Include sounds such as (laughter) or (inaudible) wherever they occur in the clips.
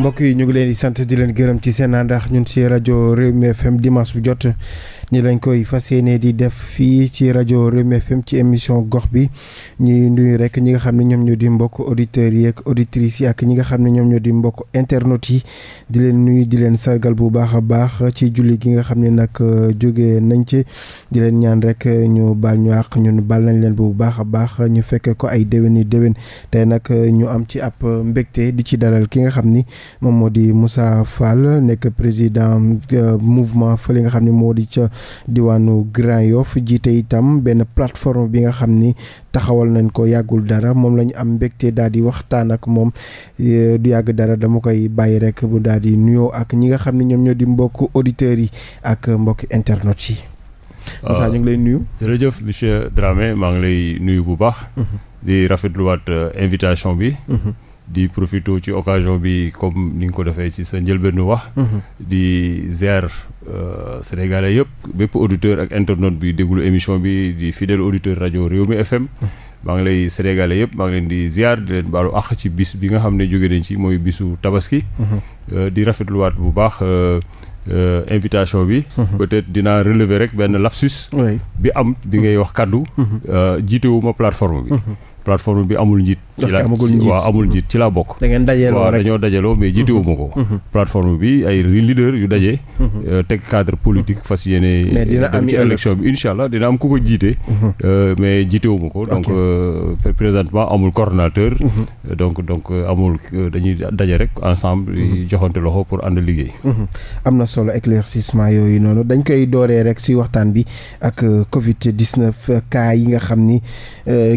mbokk yi ñu ngi leen di sant di leen gërëm ci seen àndax ñun si rajo Rewmi FM dimanche bu jot. ni lañ koy fas yéene di def fii ci rajo Rewmi ci émission gox bi ñuy nuyu rek ñi nga xam ne ñoom ñoo di mbokk auditeurs yi ak auditrices yi ak ñi nga xam ne ñoom ñoo di mbokk internet yi di leen nuyu di leen sargal bu baax a baax ci julli gi nga xam ne nag euh, jóge nañ ci di leen ñaan rek ñu baal ñu nu ñun baal nañ leen bu baax a baax ñu fekke ko ay déwéni déwén tey nag euh, ñu am ci ab euh, mbégte di ci dalal ki nga xam ni moom moo di Moussa Fall nekk président mouvement fële nga xam ne moo di ca diwaanu Grand Yoff jiite itam benn plateforme bi nga xam ni taxawal nañ ko yàggul dara moom la ñu am mbégte daal di waxtaan ak moom du yàgg dara dama koy bàyyi rek mu daal di nuyoo ak ñi nga xam ne ñoom ñoo di mbokk auditeurs yi ak mbokk internet yi. Ah, Moussa ñu ngi lay nuyu. jërëjëf monsieur Dramé maa ngi lay nuyu bu baax. Mhm. di rafetluwaat euh, invitation bi. Mhm. di profito ci ocasion bi comme ni nga ko defee ci sa njëlbeenu wax. Mhm. di ziar euh, sénégalais yëpp bépp auditeur ak internet bi déglu émission bi di fidèle auditeur rajo mi FM. maa ngi lay sénégalais yëpp maa ngi leen di ziar di leen baalu ak ci bis bi nga xam ne jóge nañ ci mooy bisu tabaski. Mhm. Euh, di rafetluwaat bu baax. Euh, euh invitation bi. Mm peut-être dinaa relever rek benn lapsus. bi am bi ngay wax kàddu. Mhm. jiitewuma plateforme bi. plateforme bi amul njiit. ci la waaw amul njiit laa bokk. da ngeen dajaloo rek waaw dañoo dajaloo mais jiitewuma ko. Mm-hmm. Mm-hmm. plateforme bi ay leader yu daje. Mm-hmm. Euh, teg cadre politique fas yéene. mais dina euh, am ci élection bi incha allah dina am ku ko jiite. Euh, mais jiitewuma ko. donc présentement amul coordonnateur. donc donc amul dañuy daje rek ensemble. joxante loxo pour ànd liggéey. am na solo éclaircissement yooyu noonu dañ koy dooree rek si waxtaan bi ak Covid 19 cas yi nga xam ni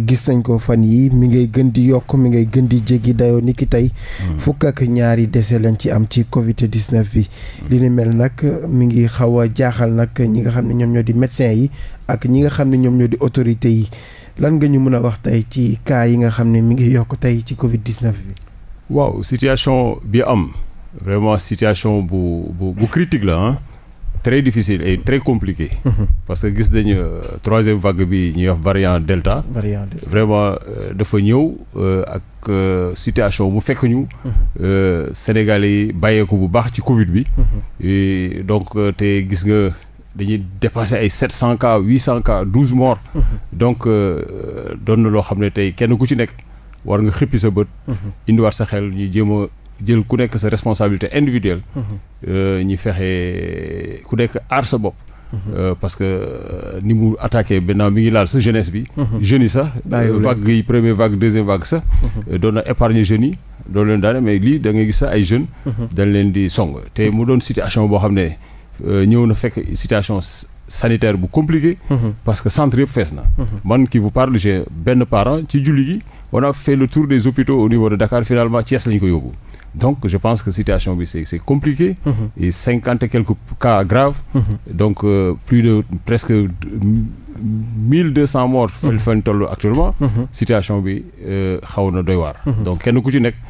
gis nañ ko fa. fan yi mi ngay gën di yokk mi ngay gën di jéggi dayoo ni tey hmm. fukk ak ñaari décès lañ ci am ci covid 19 bi hmm. li ni mel nag mi ngi xaw a jaaxal nag ñi nga xam ne ñoom ñoo di médecin yi ak ñi nga xam ne ñoom ñoo di autorité yi lan nga ñu mën a wax tey ci cas yi nga xam ne mi ngi yokk tey ci covid 19 bi waaw situation bi am vraiment situation bu bu bu critique la très difficile et très compliqué. Mm -hmm. parce que gis nañu euh, troisième vague bi ñuy wax variant delta. variant delta vraiment euh, dafa ñëw euh, ak situation bu fekk ñu. Mhm. Sénégalais yi bàyyeeku bu baax ci Covid bi. Mhm. donc te gis nga dañuy dépasser ay sept cent cas huit cent cas douze morts. Mm -hmm. donc doon na loo xam ne tey kenn ku ci nekk war nga xippi sa bët. Mhm. indiwaat sa xel ñu jéem jël ku nekk sa responsabilité individuelle. Mhm. Euh, ñi fexe ku nekk aar sa bopp. Mhm. Euh, parce que euh, ni mu attaqué maintenant mi ngi laal sa jeunesse bi. Mhm. jeunes yi sax. vague yi première vague deuxième vague sax. doon na épargner jeunes yi. doon leen daane mais lii da ngay gis sax ay jeunes. dañ leen di song te mu doon situation boo xam ne ñëw na fekk situation. sanitaire bu compliqué mm -hmm. parce que centre yëpp fees na man qui vous parle j'ai benn parent ci julli gi on a fait le tour des hôpitaux au niveau ko yóbbu donc je pense que situation bi c'est c'est compliqué mm-hmm. et cinquante et quelques cas graves mm-hmm. donc euh, plus de presque mille deux cent morts fel mm-hmm. fañ toll actuellement situation bi euh, xaw na doy waar donc kenn ku ci nekk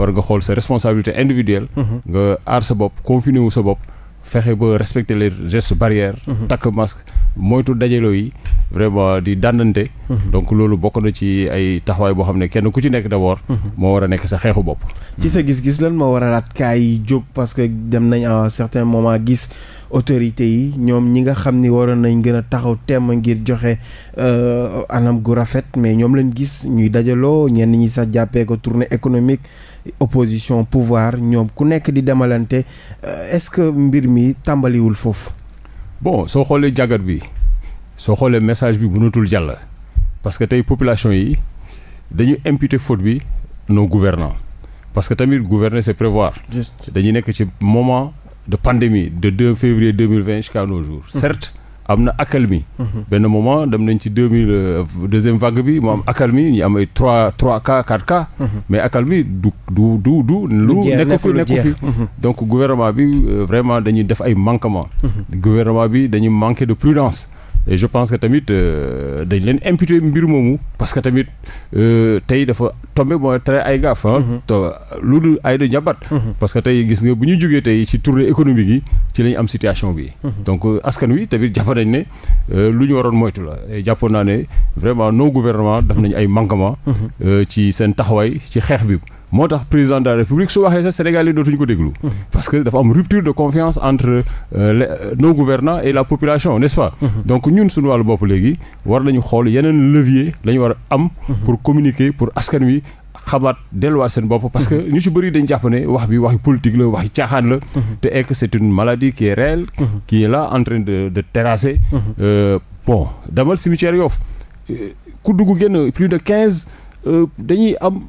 war nga xool sa responsabilité individuelle nga aar sa bopp confiner wu sa bopp fexe ba respecter les gestes barrières. Mhm. takk masque moytu dajaloo yi vraiment di dàndante. Mhm. donc loolu bokk na ci ay taxawaay boo xam ne kenn ku ci nekk d'abord. Mhm. moo war a nekk sa xeexu bopp. ci sa gis-gis lan moo war a waralaat kaa yi jóg parce que dem nañ à un moment gis autorités yi ñoom ñi nga xam ni waroon nañ gën a taxaw temm ngir joxe euh, anam gu rafet mais ñoom leen gis ñuy dajaloo ñenn ñi sax jàppee ko tournée économique. opposition pouvoir ñoom ku nekk di demalante euh, est-ce que mbir mi tàmbaliwul foofu. bon soo xoolee jàggat bi soo xoolee message bi mënatul jàll parce que tey population yi dañu imputer faute bi nos gouvernants parce que tamit gouverner c'est prévoir. dañu nekk ci moment de pandémie de 2 février 2020 jusqu'à nos jour mmh. certes. am na accalmie. Mhm. benn moment dem nañ ci deux mille euh, deuxième vague bi mu am mhm. accalmie ñu am ay trois trois cas quatre cas. Mhm. mais accalmie du du du du. lu nekk fi nekk fi donc gouvernement bi euh, vraiment dañuy def ay manquements. gouvernement bi dañuy manquer de prudence. et je pense que tamit euh, dañ leen imputer mbir moomu parce que tamit euh, tey dafa tombé mooy tere ay gaaf ah. Mhm. te loolu ay du njabat. Mhm. parce que tey gis nga bu ñuy jógee tey ci tournée économique yi ci la ñu am situation bi. Mhm. donc euh, askan wi tamit jàpp nañ ne lu ñu waroon moytu la jàppoon naa ne vraiment nos gouvernements daf nañ ay manquements. ci seen taxawaay ci xeex bi. moo tax président de la république su waxee sax Sénégal yi dootuñu ko déglu. Mm-hmm. parce que dafa am rupture de confiance entre euh, euh, nos gouvernants et la population n'est-ce pas. Mm-hmm. donc ñun suñu wàllu bopp léegi war nañu xool yeneen levier la ñu war a am. Mm-hmm. pour communiquer pour askan wi. xamaat delluwaat seen bopp parce que ñu si bëri dañ jàpp ne wax bi waxi politique la waxi caaxaan la te ek c'est une maladie qui est réelle qui est là de de terrasser euh, bon demal cimetière Yoff euh, ku dugg génn plus de quinze dañuy am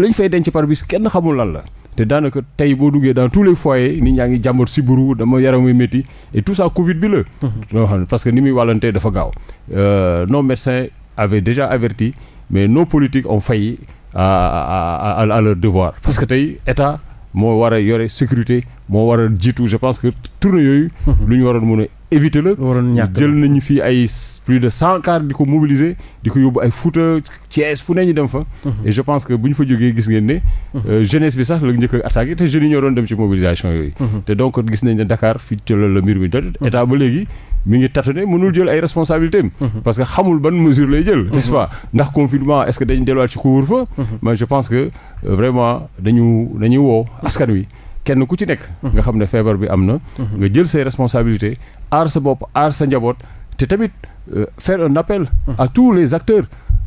lañ fay denc par kenn xamul lan la te daanaka tey boo duggee dans tous les foyers nit ñaa ngi si sibbiru dama yaramay métti et tout ça Covid bi la. Mhm. loo xam ne parce que ni muy wàllantee dafa gaaw. Euh, nos médecins avaient averti mais nos politique on fay à à à, à leur devoir parce que tey état moo war a yore sécurité moo war a jiitu je pense que tournée yooyu. Mhm. lu ñu waroon mën a éviter la. waroon ñàkk jël nañu fii ay plus de cent cars di ko mobiliser di ko yóbbu ay Fouta Thiès fu ne ñu dem fa. Mhm. je pense que bu ñu fa jógee gis ngeen ne. Mhm. Euh, jeunesse bi sax la njëkk a attaqué te jeunes yi ñoo doon dem ci mobilisation yooyu. Mhm. te donc gis nañ ne Dakar fii ci loolu la mbir mi doon. état ba léegi. mi ngi jël ay responsabilités parce que xamul ban mesure lay jël ndax confinement est-ce que dañ delluwaat ci couvre-feu mais je pense que euh, vraiment dañu dañuy woo askan wi kenn ku ci nekk nga xam ne feebar bi am na nga jël say responsabilité aar sa bopp aar sa njaboot te tamit euh, faire un appel à tous les acteurs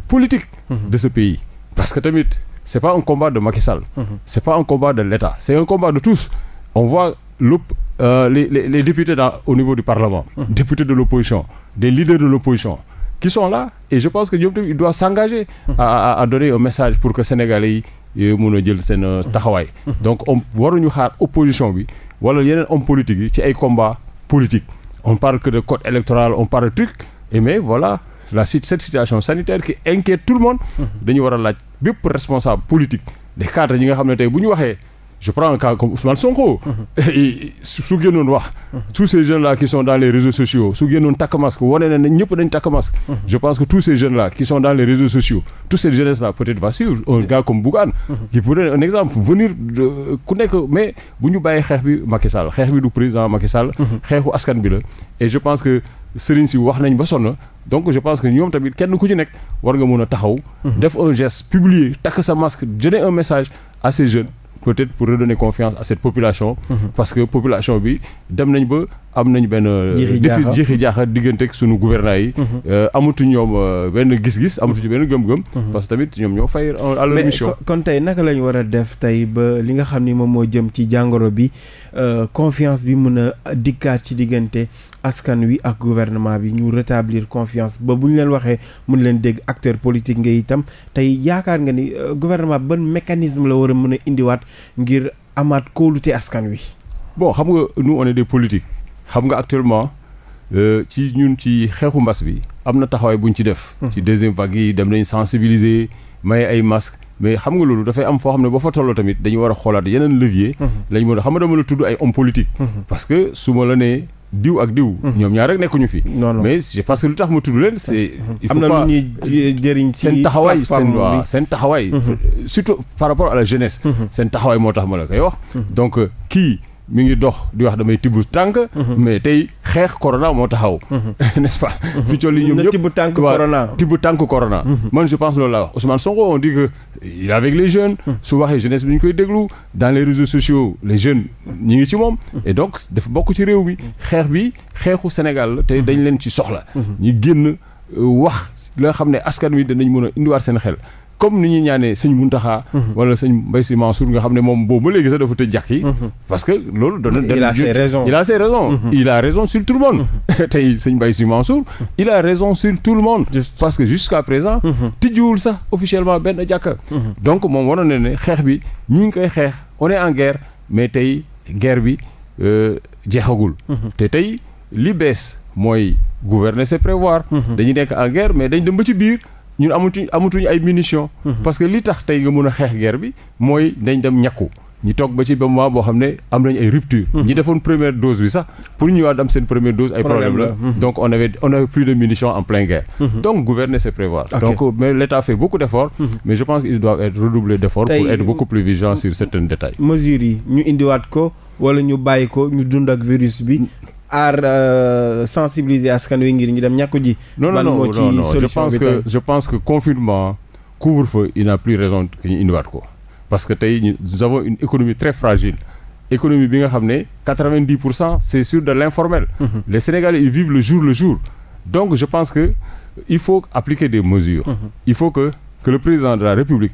politiques de ce pays parce que tamit c'est pas un combat de Macky Sall c'est pas un combat de l'État c'est un combat de tous on voit l'op euh, les, les, les députés dans, au niveau du Parlement députés de l'opposition des leaders de l'opposition qui sont là et je pense que ñoom tamit il doit s'engager à, donner un message pour que Sénégalais yi euh, mun a jël seen euh, taxawaay donc on waruñu xaar opposition bi wala yeneen homme politique yi ci ay combat politique on parle que de code électoral on parle de et mais voilà la cette situation sanitaire qui inquiète tout le mone mmh. dañu war a laaj bépp responsable politique des cadres yi nga xam ne tey bu ñu waxee je prends un cas comme Ousmane Sonko. Mhm. su génnoon wax. Mhm. tous ces jeunes là qui sont dans les réseaux sociaux su génnoon ne ñëpp mhm. pense que tous bu ñu bàyyi xeex bi Macky Sall xeex bi du président Macky Sall. xeexu askan bi la je pense que. sëriñ si wax nañ ba sonn donc je pense que ñoom tamit kenn ku ci nekk war nga mën a taxaw. def un geste publier takk sa masque donner un message à ces jeunes. peut-être pour redonner confiance à cette population. Mm-hmm. parce que population bi dem nañ ba am nañ benn euh, défi jiixi jaaxa diggante ak sunu gouvernant yi mhm. euh, amatu ñoom euh, benn gis-gis amatuñu benn gëm-gëm mhm. parce que tamit ñoom ñoo fay à leur mission kon tey naka lañ war a def tey ba li nga xam ni moom moo jëm ci jàngoro bi confiance bi mun a dikkaat ci diggante askan wi ak gouvernement bi ñu rétablir confiance ba bu ñu leen waxee mun leen dégg acteur politique nga itam tey yaakaar nga ni gouvernement ban mécanisme la war a mën a indiwaat ngir amaat kóolute askan wi bon xam nga nous des politiques xam nga actuellement euh, ci ñun ci xeexu mbas bi am na taxawaay bu ñu ci def. Hmm. ci deuxième vague yi dem nañ sensibiliser may ay masques mais xam nga loolu dafay am foo xam ne boo fa tolloo tamit dañu war a xoolaat yeneen levier. Hmm. lañ mën a xam nga dama la tudd ay hommes politiques. Hmm. parce que su ma la nee. diw ak diw. ñoom ñaar rek nekkuñu fi. mais parce que lu tax ma tudd leen c'est. il faut pas am na lu ñuy jëriñ ci seen taxawaay seen waa seen taxawaay. Euh, surtout par rapport à la jeunesse. seen taxawaay moo tax ma la koy wax. donc euh, kii. mi ngi dox di wax damay tibb tànk. Mhm. mais tey xeex corona moo taxaw. Mhm. (laughs) n'est-ce pas. Mhm. fi toll yi ñoom ñëpp tibb tànk corona tibb tànk korona man je pense loolu laa wax Ousmane Sonko on dit que avec les jeunes. su waxee jeunesse bi ñu koy déglu dans les réseaux sociaux les jeunes ñi ngi ci moom. et donc dafa bokk ci réew mi xeex bi xeexu Sénégal la te dañ leen ci soxla. ñi génn euh, wax la xam ne askan wi danañ mën a indiwaat seen xel. comme ni ñuy ñaane sëñ Muntaxa mhm. wala sëñ Mbay Si nga xam ne moom boobu ba léegi sax dafa tëj jàkk yi mhm. parce que loolu doon il a ses raisons il a ses raisons mhm. il a raison sur tout le monde (laughs) tey sëñ Mbay Si Mansour il a raison sur tout le monde parce que jusqu'à présent tijjiwul sax officiellement benn jàkka donc moom waroon na ne xeex bi ñi ngi koy xeex on est en guerre mais tey guerre bi euh, jeexagul te tey li bees mooy gouverner c'est prévoir dañuy nekk en guerre mais dañ dem ba ci biir ñun amatuñ amatuñ ay munitions. Mhm. parce que li tax tey nga mën a xeex guerre bi mooy dañ dem ñàkku ñu toog ba ci ba moment boo xam ne am nañ ay rupture mhm. ñi defoon première dose bi sax pour ñu ñëwaat am seen première dose ay problème la mhm. donc on avait on avait plus de munitions en pleine guerre donc gouverner c'est prévoir donc mais l'État fait beaucoup d'efforts mais je pense qu'ils doivent être redoublés d'efforts pour être beaucoup plus vigilants sur certains détails mesures ñu indiwaat bàyyi ko ñu dund ak virus bi aar euh, sensibiliser askan wi ngir ñu dem ñàkku ji. non non non je pense que je pense que confinement couvre-feu il n'a plus raison que ñu indiwaat ko parce que tey nous avons une économie très fragile. économie bi nga xam ne quatre-vingt-dix pour cent c'est sur de l'informel. Mmh. les Sénégalais ils vivent le jour le jour. donc je pense que il faut appliquer des mesures. Mmh. il faut que que le président de la République.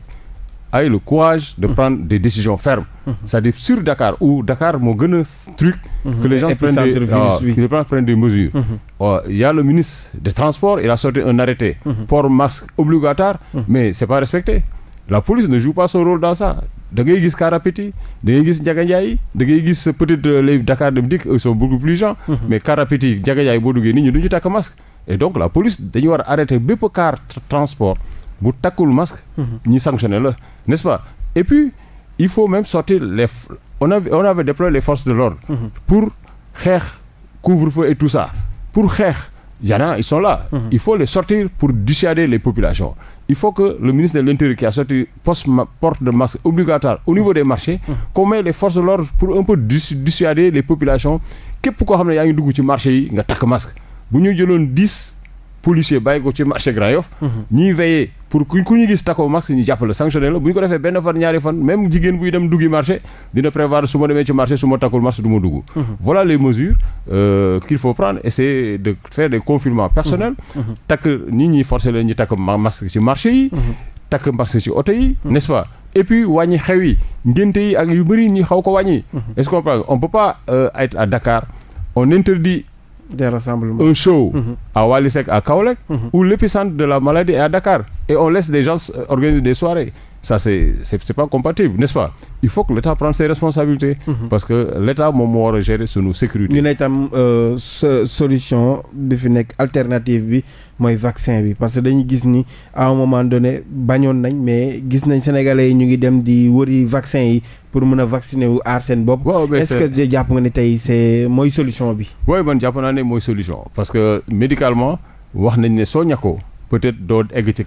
a eu le courage de prendre des décisions fermes. c'est-à-dire sur Dakar où Dakar moo gën a strict. Mhm. que les gens prennent des, virus, ah, oui. que les gens prennent des mesures. Mhm. Oh, il y a le ministre des Transports il a sorti un arrêté. Mhm. port masque obligatoire. mais c'est pas respecté. la police ne joue pas son rôle dans ça da ngay gis car rapide da ngay gis Ndiaga Ndiaye da ngay gis peut-être euh, les Dakar Dem Dikk plus gens. mais car rapide yi Ndiaga Ndiaye boo duggee nit ñi masque. et donc la police dañu war a arrêter bépp car transport. bu takkul masque. Mhm. ñi sanctionné la n'est-ce pas et puis il faut même sortir les on avait on avait déployé les forces de l'ordre mhm. pour xeex couvre-feu et tout ça pour xeex y en a ils sont là. Mhm. il faut le sortir pour dissuader les populations. il faut que le ministre de l'Intérieur qui a sorti poste porte de masque obligatoire au niveau des marchés. qu'on met les forces de l'ordre pour un peu dissuader les populations képp koo xam ne yaa ngi dugg ci marché yi nga takk masque bu ñu jëloon dis policier bàyyi ko ci marché Grand Yoff ñuy veiller pour ku ñu gis takoo masque ñu jàpp la sanctionné la bu ñu ko defee benn fan ñaari fan même jigéen buy dem duggi marché dina prévoir su ma demee ci marché su ma takkul marché du ma dugg voilà les mesures euh, qu'il faut prendre et c'est de faire des confinements personnels takk nit ñi forcer leen ñu takk marché yi takk masque ci oto yi nest pas et puis wàññi xew yi ngénte yi ak yu bëri ñi xaw ko wañ est-ce qu'on on peut pas euh, Des rassemblements. Un show mm -hmm. à Walisek, à Kaolek, mm -hmm. où l'épicentre de la maladie est à Dakar. Et on laisse des gens organiser des soirées. ça c'est c'est pas compatible n'est-ce pas il faut que l'État prenne ses responsabilités mhm. parce que l'État moom moo war a gérer sunu sécurité ñu ne itam euh, solution bi fi nekk alternative bi mooy vaccin bi parce que dañu gis ni à un moment donné bañoon nañ mais gis nañ sénégalais yi ñu ngi dem di wëri vaccin yi pour mën a vacciner wu aar seen bopp est-ce que jàpp nga ne tey c'est mooy solution bi oui man jàpp naa ne mooy solution parce que médicalement wax nañ ne soo ñàkkoo peut-être doo egg ci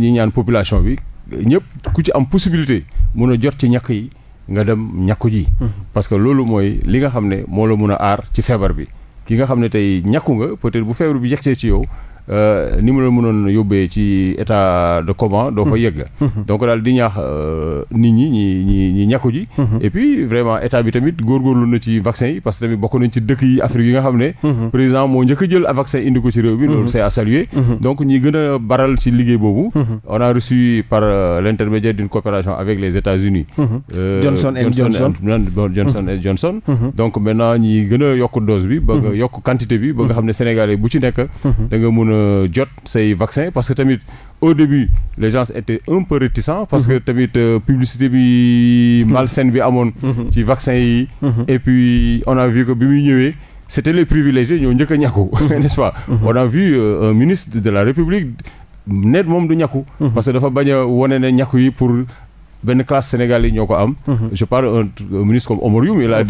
mhm. bi ñëpp ku ci am possibilité mun a jot ci ñàkk yi nga dem ñàkku ji. Mm-hmm. parce que loolu mooy li nga xam ne moo la mun a aar ci feebar bi ki nga xam ne tey ñàkku nga peut-être bu feebar bi yegsee ci yow. Euh, ni mu la mënoon yóbbee ci état de coma doo fa hmm. yegg hmm. donc daal di ñaax euh, nit ñi ñi ñi ñi ñàkku ji hmm. et puis vraiment état bi tamit góorgóorlu na ci vaccin yi parce que tamit bokk nañ ci dëkk yi Afrique yi nga xam ne président moo njëkk a jël vaccin indi ko ci réew bi loolu c'est à saluer donc ñi gën a baral ci liggéey boobu on a reçu par euh, l'intermédiaire d'une coopération avec les États-Unis Johnson and Johnson Johnson and Johnson ñi gën a yokk dose bi ba nga yokk quantité bi ba nga xam ne sénégalais a Euh, jot say vaccin parce que tamit au début les gens étaient un peu réticents parce que mhm. tamit euh, publicité bi mhm. malsaine bi amoon mhm. ci vaccin yi et puis on a vu que bi muy ñëwee c'était les privilégiés ñoo njëkk a ñàkku (laughs) n'est-ce on a vu euh, un ministre de la République net moom du ñàkku parce que dafa bañ a wone ne ñàkku yi pour benn classe sénégalais yi ñoo ko am. Mhm. je parle un ministre comme Oumar Youm il a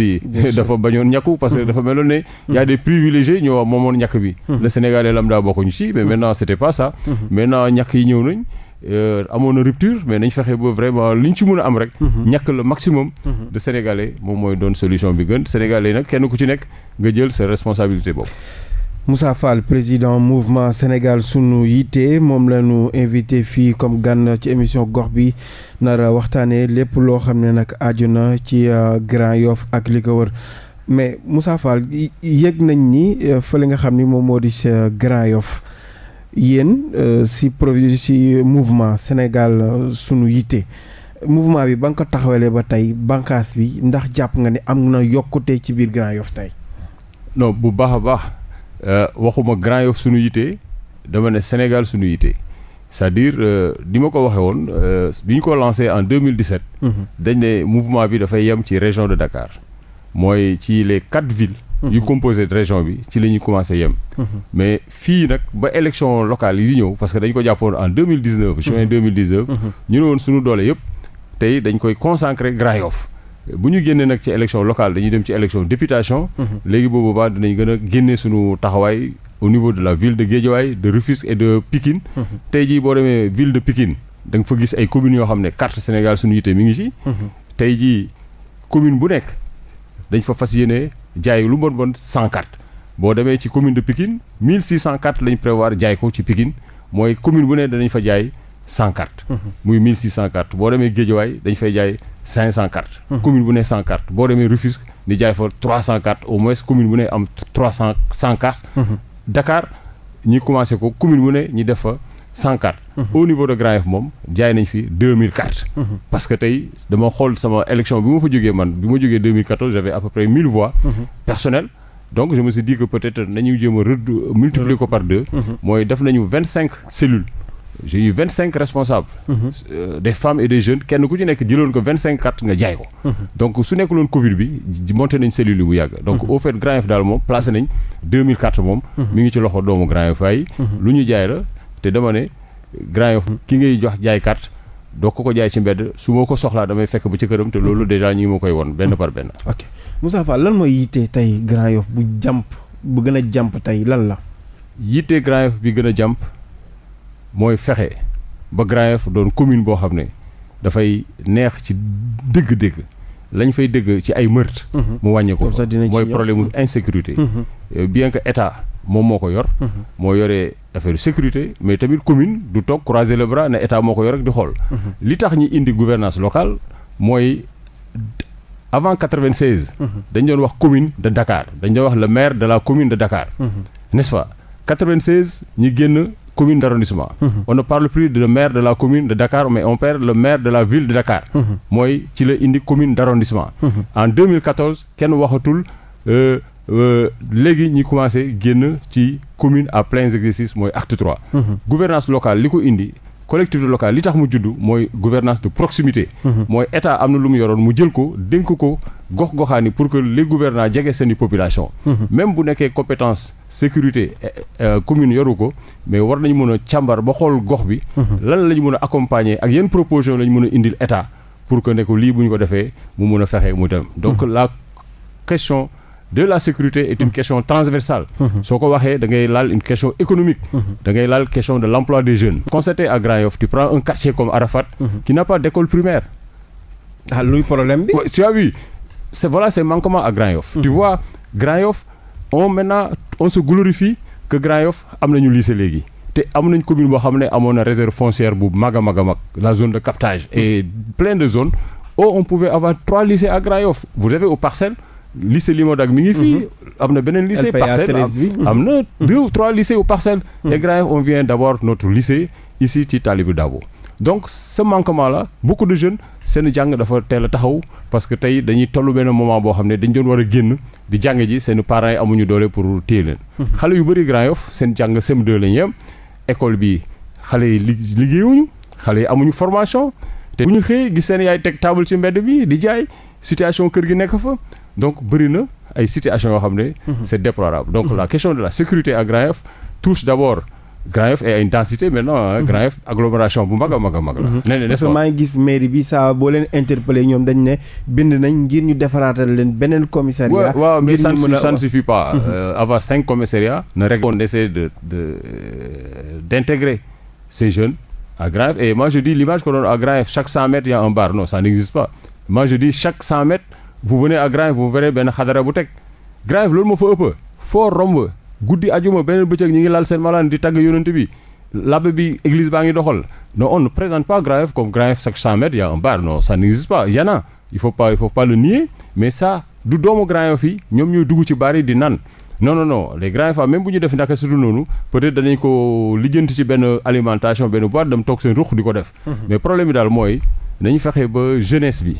(laughs) dafa bañoon ñàkku parce que mhm. dafa meloon ne. Mhm. y a des privilégiés ñoo moomoon ñàkk bi. le sénégalais lambda bokkuñu ci mais maintenant c'était pas ça. maintenant ñàkk yi ñëw nañ. Euh, amoon na rupture mais nañ fexe ba vraiment liñ ci mën a am rek. ñàkk le maximum. de sénégalais moom mooy doon solution bi gën sénégalais nag kenn ku ci nekk nga jël sa responsabilité boobu. Moussa Fall président mouvement Sénégal sunu yitte moom la ñu invité fii comme gan ci émission gox bi nara waxtaanee lépp loo xam ne nag aju na ci euh, Grand Yoff ak li ko wër mais Moussa Fall yëg nañ ni euh, fa li nga xam ni moom moo di Grand Yoff yéen euh, si provi si mouvement Sénégal sunu yitte mouvement bi ba nga ko taxawalee ba tey bànqaas bi ndax jàpp nga ni am na yokkute ci biir Grand Yoff tey. non bu baax a baax. Euh, waxuma Grand Yoff sunu yitee dama ne Sénégal suñu yitee c'est-à-dire euh, ni ma ko waxee woon euh, bi ñu ko lancé en 2017. Mhm. dañ ne mouvement bi dafay yem ci région de Dakar mooy ci les quatre villes. Mhm. yu composé région bi ci la ñuy commencé yem. Mhm. mais fii nag ba élection locale yi ñëw parce que dañ ko jàppoon en deux mille dix neuf. juin deux mille ñu ne woon suñu doole yëpp tey dañ koy consacré Grand Yoff bu ñu génnee nag ci élection locale dañuy dem ci élection députation. Mhm. léegi boobu baax dinañ gën a génne taxawaay au niveau de la ville de Guédiawaye de Rufisque et de Pikine. Mhm. tey jii boo demee ville de Pikine da nga fa gis ay communes yoo xam ne carte Sénégal suñu yite mi ngi ci. Mhm. tey jii commune bu nekk dañ fa fas yéene jaay lu bon bon cent cartes boo demee ci commune de Pikine mille six cent cartes lañ prévoir jaay ko ci Pikine mooy commune bu ne danañ fa jaay cent cartes. muy mille six cent cartes boo demee Guédiawaye dañ fay jaay. cinq cent cartes commune bu ne cent cartes boo demee Rufisque ni jaay fa trois cent cartes au moins commune bu ne am trois cent cent cartes ñi commencé ko commune bu ne ñi def fa cent cartes au niveau de Grand Yoff moom jaay nañ fi deux mille cartes parce que tey dama xool sama élection bi ma fa jógee man bi ma jógee deux mille quatorze j'avais à peu près mille voix personnelles donc je me suis dit que peut-être nañu jéem a multiplier ko par deux mhm. mooy def nañu vingt cinq j'ai eu vingt cinq responsables. Mhm. Euh, des femmes et des jeunes kenn ku ci nekk jëloon ko vingt cinq cartes nga jaay ko. Mhm. donc su nekkuloon Covid bi monté nañ cellule yi bu yàgg. donc mhm. au fait Grand Yoff daal moom placé nañ deux mille cartes moom. mi ngi ci loxo doomu Grand Yoff yi. lu ñu jaay la te dama ne Grand Yoff ki ngay jox jaay kat doo ko ko jaay ci mbedd su ma ko soxlaa damay fekk ba ci këram te loolu déjà ñi ma koy won benn par benn. ok Moussa Fall lan mooy yitte tey Grand Yoff bu jàmp a jàmp tey lan la. yitte Grand bi gën a jàmp. mooy fexe ba Grand Yoff doon commune boo xam ne dafay neex ci dégg dégg lañu fay dëgg ci ay meurtre mhm. mu wàññee ko fa mooy problème insécurité mhm. euh, bien que état moom moo ko yor mhm. moo yoree affaire sécurité mais tamit commune du toog croiser le bras ne état moo ko yor rek di xool li tax ñi indi gouvernance locale mooy avant 96. dañ doon wax commune de Dakar dañ doon wax le maire de la commune de dakaar n'est-ce pas ñi génn commune d'arrondissement. Mhm. on ne parle plus de maire de la commune de Dakar mais on perd le maire de la ville de Dakar. Mhm. mooy ci la indi commune d'arrondissement. Mhm. en kenn waxatul. Euh, euh, léegi ñi commencé génn ci commune à plein exercice mooy acte trois. gouvernance locale li ko indi. collectivité locale li tax mu juddu mooy gouvernance de proximité. Mhm. mooy état am na lu mu yoroon mu jël ko dénk ko gox goxaani pour que les gouvernants jege seeni population. Mhm. même bu nekkee compétence sécurité eh, eh, commune yoru ko mais war nañu mën a càmbar ba xool gox bi. Mhm. lan la ñu mën a accompagner ak yenn proposition la ñu mën a indil état pour que ne ko lii bu ñu ko defee mu mën a fexe mu dem. donc la question. de la sécurité est une question transversale. Mhm. soo ko waxee dangay ngay laal une question économique. Mhm. dangay laal question de l'emploi des jeunes. constaté à Grand Yoff tu prends un quartier comme Arafat. Mhm. qui n'a pas d'école primaire. ah luy problème bi. tu voilà c'est manquement à Grand Yoff. tu vois Grand Yoff on maintenant on se glorifie que Grand Yoff am nañu lycée léegi. te am nañ commune boo xam ne amoon na réserve foncière bu mag a mag a mag la zone de captage. et de zones où on pouvait avoir trois lycées à Grand Yoff li lycée Limodag mi ngi fii mhm. am na beneen lycée parcelle am mhm. na mhm. deux ou trois lycées ou parcelles et grave on vient d'avoir notre lycée ici ci Talibou Dabo donc ce manquement là beaucoup de jeunes seen jàng dafa teel a taxaw parce que tey dañuy tollu benn moment boo xam ne dañ doon war a génn di jàng ji seen parents yi amuñu doole pour téye leen xale yu bëri Grand Yoff seen jàng CM2 lañ yem école bi xale yi liggéeyuñu xale yi amuñu formation te bu ñu xëyee gis seen yaay teg table ci mbedd bi di jaay situation kër gi nekk fa donc bëri na ay situation yoo xam ne. Mhm. c' déplorable donc la mhm. question de la sécurité à Grand Yoff touche d' abord. Grand Yoff est à maintenant mhm. Grand Yoff agglomération bu mag a mag a mag la. nee na parce que maa ngi gis mairie bi saa boo leen interpellé ñoom dañ ne bind nañ ngir ñu defaraatal leen beneen commissariat. waaw mais ça ne suffit pas. Euh, avoir cinq commissariats. ne règle on essaie de de euh, d' intégrer ces jeunes à Grand Yoff et moi je dis l'image qu'on donne à Grand Yoff chaque cent mètres il y a un bar non ça vous venez à Grand Yoff vous benn xadara bu teg Grand loolu moo fa ëpp foo romb guddi ajuma beneen bëccëg ñi ngi laal seen malaan di tagg yonent bi l'abbé bi église baa ngi doxal non on ne présente pas Grand Yoff comme Grand Yoff chaque cent mètres y a un pas y en a il faut pas il faut pas le nier mais sa du doomu Grand Yoff yi ñoom ñuy dugg ci bari di naan non non non les Grand Yoff même bu ñu def naka su noonu peut-être danañ ko lijjant ci benn alimentation benn boîte dem toog seen ruq di ko def mhm. mais problème bi daal mooy nañu fexe ba jeunesse bi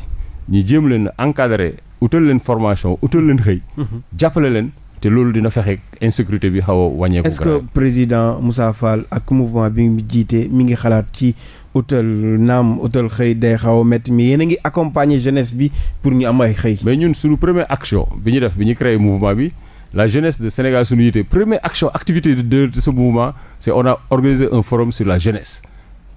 ñu jéem leen a encadrer utal leen formation utal leen xëy. Mhm. jàppale leen te loolu dina fexe insécurité bi xaw a wàññeeku. est-ce que président Moussa faal ak mouvement bi mu jiite mi ngi xalaat ci utal naam utal xëy day xaw a métti mais yéen a ngi accompagner jeunesse bi pour ñu am ay xëy. mais ñun suñu première action bi ñu def bi ñu créé mouvement bi. la jeunesse de Sénégal suñu yite première action activité de de ce mouvement c'est on a organisé la jeunesse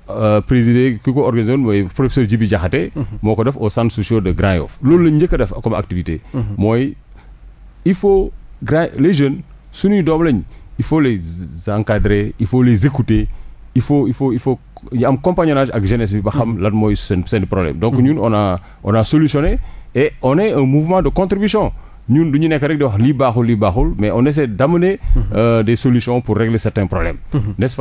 Euh, présidé ki ko organisé woon mooy professeur Djibi Diakhaté mhm. moo ko def au centre social de Grand Yoff loolu lañ njëkk a def comme activité mhm. mooy il faut grand les jeunes suñuy doom lañ il faut les encadrer il faut les écouter il faut il faut il faut ñu am compagnonnage ak jeunesse bi ba xam mhm. lan mooy seen seen problème donc ñun on a on et on est un mouvement de contribution ñun du ñu nekk rek di wax lii baaxul lii baaxul mais on essaie d'amener euh, des solutions pour régler certains problèmes nest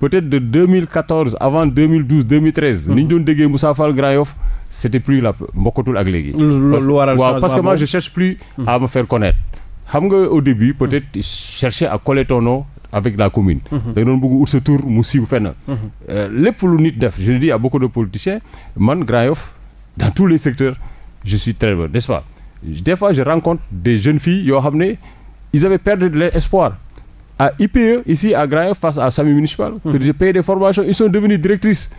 peut-être de 2014 avant 2012 2013. ni ñu doon déggee Moussa Fall Grand Yoff c' plus la mbokkatul ak léegi. parce que moi je cherche plus. à me faire connaître. xam nga au début peut-être chercher à coller ton avec la commune. da nga doon bëgg ut sa euh, lépp lu nit def je le dis à beaucoup de politiciens man Grand Yoff dans tous les secteurs je suis très bon n'est-ce pas des je rencontre des jeunes filles yoo xam ne ils avaient perdu de l'espoir à IPE, ici à Graille, face à Samy Municipal, mmh. que j'ai payé des formations, ils sont devenus directrices.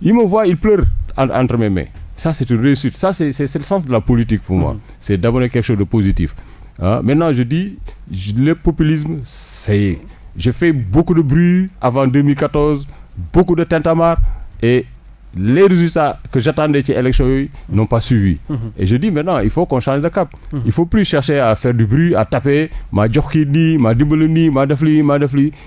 Ils me voient, ils pleurent en, entre mes mains. Ça, c'est une réussite. Ça, c'est le sens de la politique pour mmh. moi. Hmm. C'est d'abonner quelque chose de positif. Hein? Maintenant, je dis, je, le populisme, ça y est. J'ai fait beaucoup de bruit avant 2014, beaucoup de tintamarre, et les résultats que j'attendais ci élection yooyu n'ont pas suivi mm -hmm. et je dis maintenant il faut qu'on change de cap mhm. il faut plus chercher à faire du bruit à taper maa jox kii nii maa dimbali nii maa def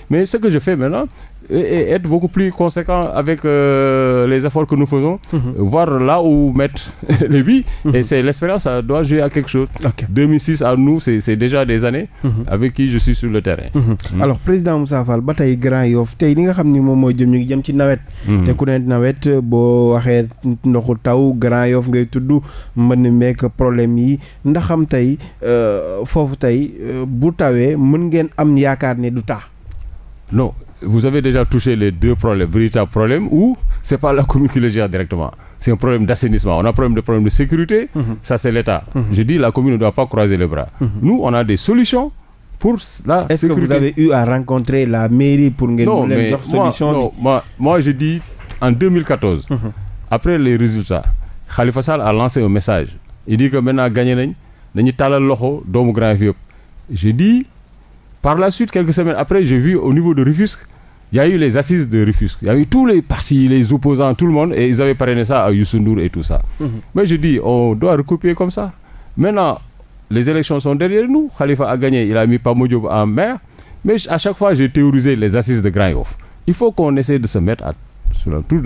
mais ce que je fais maintenant et être beaucoup plus conséquent avec euh, les efforts que nous faisons, mmh. voir là où mettre (laughs) les billes. Mmh. Et mhm. c'est l'espérance, ça doit jouer à quelque chose. Okay. 2006 à nous, c'est déjà des années mmh. avec qui je suis sur le terrain. Mhm. Mhm. alors président Moussa Fall ba tey Grand Yoff tey li nga xam ni moom mooy jëm ñu ngi jëm ci nawet. te ku ne nawet boo waxee ndoxu taw Grand Yoff ngay tudd mën meek problème yi ndax xam tey euh, foofu tey euh, bu tawee mën ngeen am yaakaar ne du taa. Non, vous avez déjà touché les deux problèmes, véritables problèmes, où c'est pas la commune qui le gère directement. C'est un problème d'assainissement. On a un problème de problème de sécurité, mhm. ça c'est l'État. Mhm. Je dis la commune ne doit pas croiser les bras. Mhm. Nous, on a des solutions pour la Est-ce que vous avez eu à rencontrer la mairie pour une non, mais leur solution moi, non, moi, moi je en après les résultats, Khalifa Sall a lancé un message. Il dit que nañ, dañuy talal loxo doomu grand Par la suite, quelques semaines après, j'ai vu au niveau de Rufusque, il y a eu les assises de Rufusque. Il y a eu tous les partis, les opposants, tout le monde, et ils avaient parrainé ça à Youssou et tout ça. Mm -hmm. Mais je dis, on doit recopier comme ça. Maintenant, les élections sont derrière nous. Khalifa a gagné, il a mis Pamodjob en maire. Mais à chaque fois, j'ai théorisé les assises de Grand Il faut qu'on essaie de se mettre à, sur le tour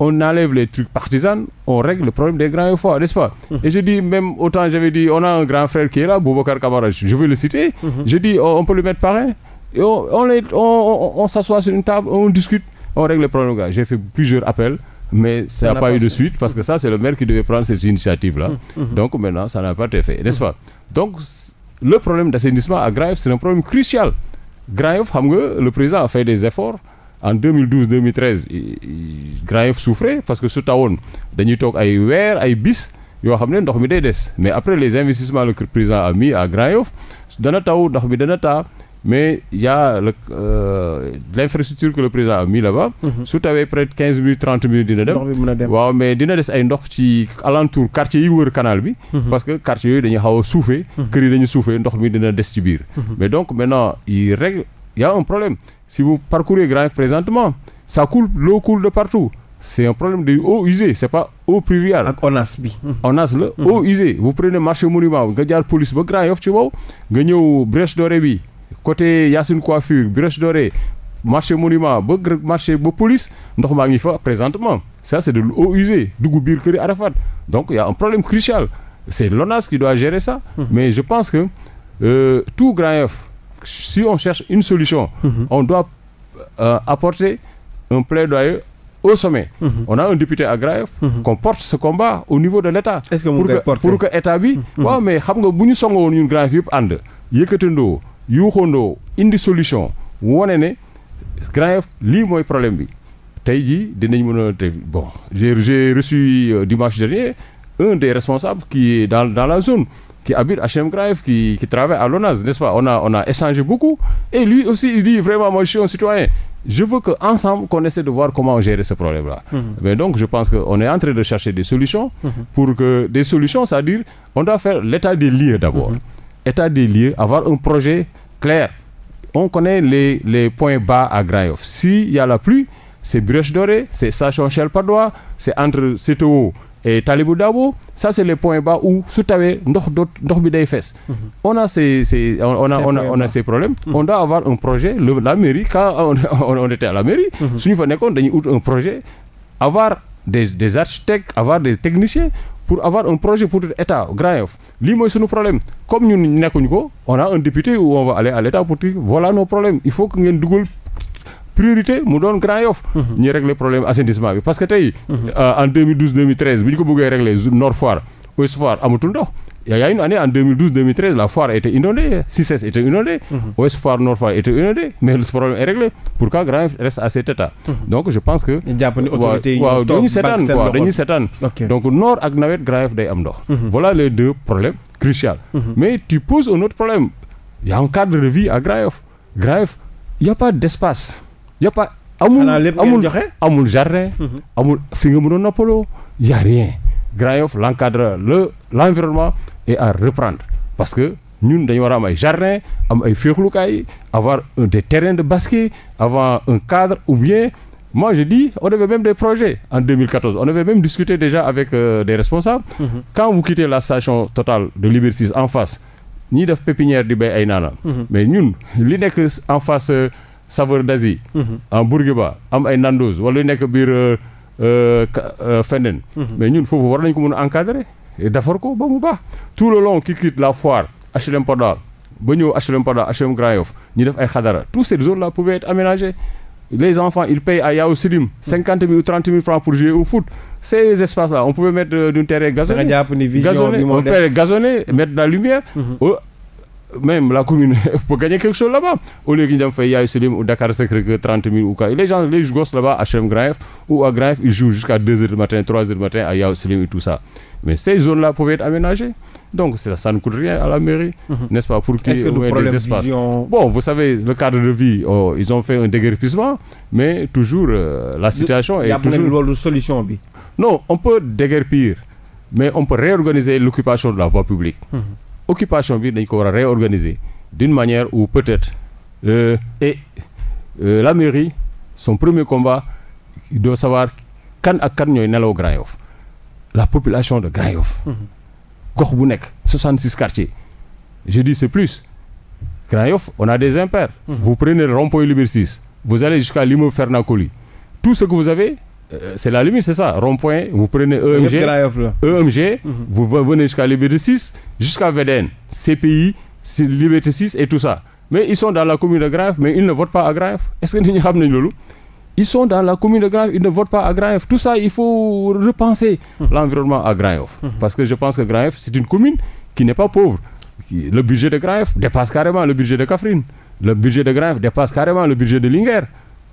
on enlève les trucs partisans, on règle le problème des grands efforts, n'est-ce pas mhm. Et je dis, même autant j'avais dit, on a un grand frère qui est là, Boubacar Kamara, je vais le citer, mmh. je on, peut le mettre pareil, on, s'assoit sur une table, on discute, on règle le problème. J'ai fait plusieurs de suite, parce que ça, c'est le maire qui devait prendre cette initiative-là. Mhm. Mhm. Donc maintenant, ça n'a pas été n'est-ce pas Donc, le problème d'assainissement à le président a fait des efforts. en 2012 2013 Grand Yoff souffrait parce que su tawoon dañuy toog ay weer ay bis yoo xam ne ndox mi day des mais après les investissements le président a mis à Grand Yoff dana taw ndox mi dana taa mais y a le euh, l'infrastructure que le président a mis là mhm. su tawee près de quinze minutes trente minutes dina dem. waaw mais dina des ay ndox ci alentour quartier yi wër canal bi. Mhm. parce que quartier yooyu dañuy xaw a suufee. Mhm. kër yi dañuy suufee ndox mi dina des ci biir. mais donc maintenant Si vous parcourez Grave présentement, ça coule, l'eau coule de partout. C'est un problème de eau usée, c'est pas eau pluviale. ak ONAS bi. (laughs) ONAS la mhm. eau usée vous prenez marché monument nga jaar police ba Grand Yoff ci wow nga ñëw Brèche Dorée bi côté Yacine Coiffure Brèche Dorée marché monument ba marché ba police ndox maa ngi fa présentement ça c'est de l'eau usée dugg biir Arafat donc il a un problème crucial c'est l'ONAS qui doit gérer ça. Mhm. mais je pense que euh, tout si on cherche une solution, mmh. on doit euh, apporter un plaidoyer au sommet. Mhm. On a un député à Graef mm -hmm. porte ce combat au niveau de l'État. Est-ce que pour que pour que état bi. Mhm. waaw mais xam nga bu ñu songoon ñun Graef yëpp ànd. yëkkatandoo yuuxandoo indi solution wone ne Graef lii mooy problème bi tey jii dinañ mën a te bon j'ai j'ai reçu euh, dimanche dernier un des responsables qui est dans dans la zone. qui habite HM Graef, qui, qui travaille à l'ONAS, n'est-ce pas on a, on a échangé beaucoup. Et lui aussi, il dit vraiment, moi, je suis un citoyen. Je veux qu'ensemble, qu'on essaie de voir comment gérer ce problème-là. Mm -hmm. Mais donc, qu'on est en train de chercher des solutions mhm. pour que des solutions, c'est-à-dire, on doit faire l'état des lieux d'abord. Mm des lieux, avoir un projet clair. On connaît les, les points bas à Graef. S'il y a la pluie, c'est Brioche Dorée, c'est Sachon-Chel-Padois, c'est entre Céteau et Talibou Dabo ça c'est les points ba où su tawee ndox doot ndox bi day fes mhm. on a ces ces on on a on a ces problèmes mhm. doit avoir un projet le la mairie quand on (laughs) était à la mairie mhm. suñu fa nekkoon dañu ut un projet avoir des des architectes avoir des techniciens pour avoir un projet pour état Grand Yoff lii mooy suñu problème comme ñun nekkuñu ko on a un député où on va aller à l'état pour dire voilà nos problèmes il faut que ngeen dugal priorité mu doon Grand Yoff mhm. ñu régler problème assainissement parce que tey mhm. euh, en 2012 ko bëggee régler Nord Foire Ouest Foire amatul ndox il en la Foire était inondée Cissesse était inondée mhm. Ouest Foire Nord Foire était inondée mais ce problème est réglé pourquoi Grand Yoff reste à cet donc je pense que waaw dañu seetaan donc noor ak nawet Grand Yoff day am ndox voilà les deux problèmes cruciaux mais tu poses un autre problème il y cadre de y' a pas amul amul amul jardin. Mhm. amul fi nga noppaloo y' a rien. Grand Yoff le l' et est à reprendre parce que ñun dañu war a am ay jardin am ay féexlukaay avoir des terrains de basket avant un cadre ou bien. moi je dis on avait même des projets en 2014 on avait même discuté déjà avec euh, des responsables mm -hmm. quand vous quittez la station totale de Liberté 6 en face ñiy def pépinière di bay ay naana mhm. mais ñun li en face euh, saveur d'Asie mhm. en Bourguiba am ay nandoos wala yu nekk biir euh, euh, euh, feneen mhm. mais ñun foofu war nañ ko mën a encadrer defar ko ba mu baax tout le long qui la foire HLM Podor ba ñëw HLM Podor HLM Grand Yoff ñu def ay xadara tous ces zones là pouvaient être aménagées les enfants ils payent à Yao Silim ou trente mille francs pour jouer au foot ces espaces là on pouvait mettre d'une terre gazonnée gazonnée mettre la lumière mhm. même la commune (laughs) peut gagner quelque chose là-bas au lieu que ñu dem fay Yaya Soulim ou Dakar Sacré-Cœur trente mille ou quoi les gens les gosses là-bas HLM Grand F ou à Grand F ils jusqu'à deux heures du matin trois heures du matin à Yaya Soulim et tout ça mais ces zones-là pouvaient être aménagées donc ça, mhm. ce pas pour qu'il des espaces bon vous savez le cadre de vie oh, ils déguerpissement mais toujours euh, la situation Le, toujours non on peut occupation bi dañu ko war a réorganiser d'une manière ou peut-être euh, et euh, la mairie son premier combat il doit savoir kan ak kan ñooy nelaw Grand Yoff la population de Grand Yoff mhm. gox bu nekk 66 quartiers je dis c'est plus Grand Yoff on a des impairs mmh. vous prenez le rond-point Liberté 6 vous allez jusqu'à l'immeuble tout ce que vous avez Euh, c'est la limite, c'est ça. Rond-point, vous prenez EMG, e EMG, mhm. vous venez jusqu'à Liberté 6, jusqu'à VDN, CPI, Liberté et tout ça. Mais ils sont dans la commune de Grave, mais ils ne votent pas à Grave. Est-ce que nous savons Ils sont dans la commune de Grave, ils ne votent pas à Grave. Tout ça, il faut repenser mhm. l'environnement à Grave. Mhm. Parce que je pense que Grave, c'est une commune qui n'est pas pauvre. Le budget de Grave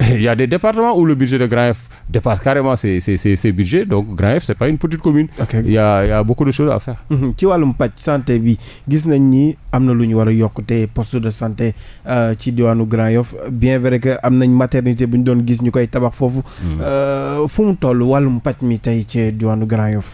il (laughs) y a des départements où le budget de Grand Yoff dépasse carrément ses ses ses, donc Grand Yoff c'est pas une petite commune. Okay. il beaucoup de choses à faire. Mhm. ci wàllum pàcc santé bi gis nañ ni am na lu ñu war a yokk te poste de santé euh, ci diwaanu Grand Yoff bien vrai que am nañ maternité bu ñu doon gis ñu koy tabax foofu. Mhm. Euh, fu mu toll wàllum pàcc mi tey ci diwaanu Grand Yoff.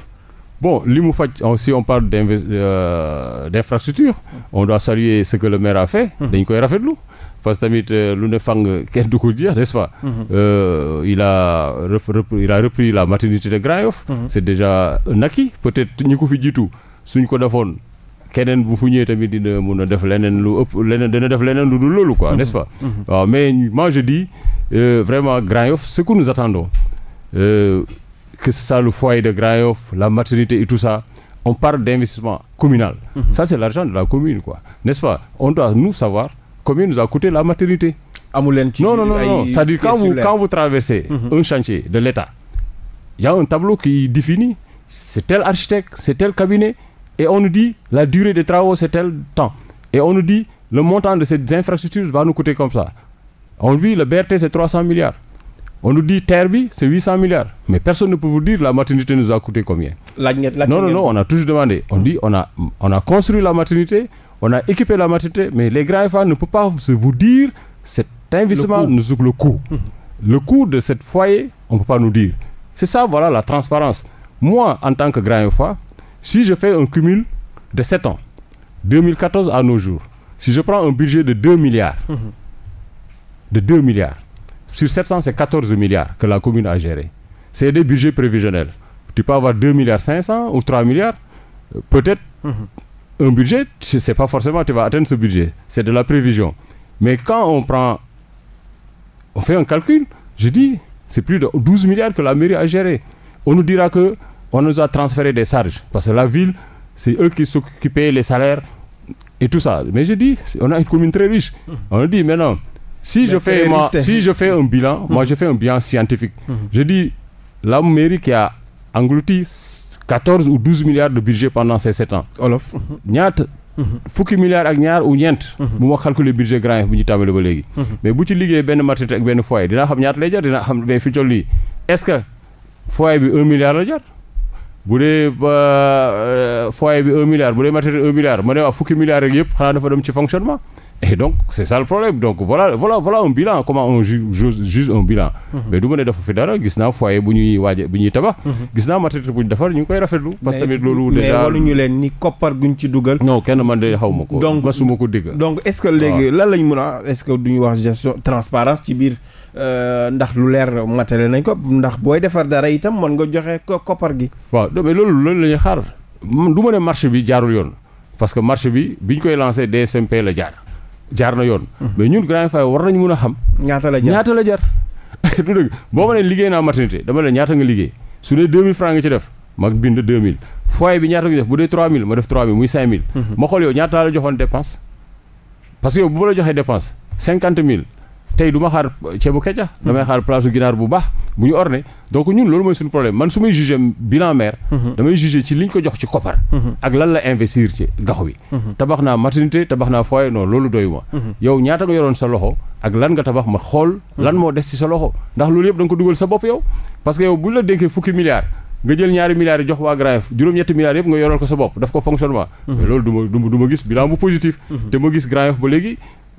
bon li mu faj si on parle d' euh, infrastructure on doit saluer ce que le maire a mhm. koy rafetlu. parce que tamit euh, lu ne fang kenn du ko dire n'est-ce pas. Mm -hmm. il a repris la maternité de Grand Yoff. Mm -hmm. c'est déjà un peut-être ñu ko fi jiitu suñ ko defoon keneen bu fu ñëwee tamit dina mun a def leneen lu ëpp leneen dina def leneen lu dul loolu quoi mhm. n'est-ce pas. Mhm. waaw mais moi je dis euh, vraiment Grand Yoff ce que nous attendons euh, que ça le foyer de Grand Yoff la maternité et tout ça. on parle d'investissement communal. Mm -hmm. Ça, c'est l'argent de la commune, quoi. N'est-ce pas? On combien nous a coûté la maternité. amul leen ci non non non c'est-à-dire quand vous traversez. Mhm. un chantier de l'État il y a un tableau qui définit c'est tel architecte c'est tel cabinet et on nous dit la durée des travaux c'est tel temps et on nous dit le montant de ces infrastructures va nous coûter comme ça on dit le BRT c'est 300 milliards on nous dit terre c'est milliards mais personne ne peut vous dire la maternité nous a coûté combien. non non non on la maternité on a équipé la maternité, mais les grands FA ne peuvent pas se vous dire cet investissement nous le coût. Mmh. Le coût de cette foyer, on ne peut pas nous dire. C'est ça, voilà la transparence. Moi, en tant que grand fois si je fais un cumul de 7 ans, 2014 à nos jours, si je prends un budget de 2 milliards, mmh. de 2 milliards, sur 700, milliards que la commune a géré. C'est des budgets prévisionnels. Tu peux avoir 2 milliards 500 ou milliards, euh, peut-être. Mhm. un budget, c'est pas forcément tu vas atteindre ce budget. C'est de la prévision. Mais quand on prend, on fait un calcul, je dis, c'est plus de 12 milliards que la mairie a géré. On nous dira que a transféré des charges parce que la ville, c'est eux qui s'occupaient les salaires et tout ça. Mais je dis, on a une commune très riche. Mmh. On nous dit, mais non, si je fais un bilan, mmh. je fais un bilan scientifique. Mmh. Je dis, la mairie qui a englouti 14 ou 12 milliards de budget pendant ces 7 ans. olof fukki milliards ak ñaar u ñeent. bu ma calculer budget Grand Yoff bu ñu tàmbalee ba léegi. mais bu ci liggéey benn maternité ak benn foyer dina xam ñaata lay jar dinaa xam mais fi toll nii est que foyer bi 1 milliard la jar. bu dee euh, foyer bi 1 milliard bu dee maternité 1 milliard ma ne waa fukki milliards yëpp xanaa dafa dem ci fonctionnement. et donc c'est ça le problème donc voilà voilà voilà un bilan comment ju juge un bilan. Mhm. mais du ma ne dafa fi dara gis naa foyer bu ñuy waaje bu ñuy tabax. Mhm. gis naa matériel bu ñu defar ñu koy rafetlu. parce que tamit loolu déjà mais waruñu leen ni koppar guñ ci dugal. non kenn man de ma ko. donc masuma ko dégg. donc est que léegi lan lañ mën a est-ce que duñu wax gestion transparence ci biir euh, ndax lu leer matériel nañ ko ndax booy defar dara itam mën nga joxe ko koppar gi. waaw mais loolu loolu la ñuy xaar du ma marché bi jaarul yoon parce que marché bi ñu koy lancé DSMP la jaar. jaar na yoon. mais ñun Grand Yoff war nañu mun a xam. ñaata la jar ñaata la jar. du (laughs) dëgg boo ma ne liggéey naa maternité dama la ñaata nga liggéey su dee 2000 francs nga ci def mag bind 2000 foyer bi ñaata nga def bu dee 3000 ma def 3000 muy 5000. Mhm. ma xool yow ñaata la joxoon dépense. parce yow bu ma la joxee dépense tey duma xaar ceebu kecax damay xaar place u ginaar bu baax bu ñu orné donc ñun loolu mooy suñu problème man su may jugé bilan maire mhm. damay jugé ci li ñu ko jox ci koppar mhm. ak lan la investir ci gox bi mhm. tabax naa maternité tabax naa foyer noo loolu doyu ma yow ñaata nga yoroon sa loxo ak lan nga tabax ma xool lan moo des ci sa loxo ndax loolu yëpp da nga ko dugal sa bopp yow parce que yow buñ la dénkee fukki milliards nga jël ñaari milliards yi jox waa Grand Yoff juróom-ñetti milliards yëpp nga yoral ko sa bopp daf ko fonctionnement mhm. loolu du ma du du ma gis bilan bu positif mhm. te ma gis Grand Yoff ba léegi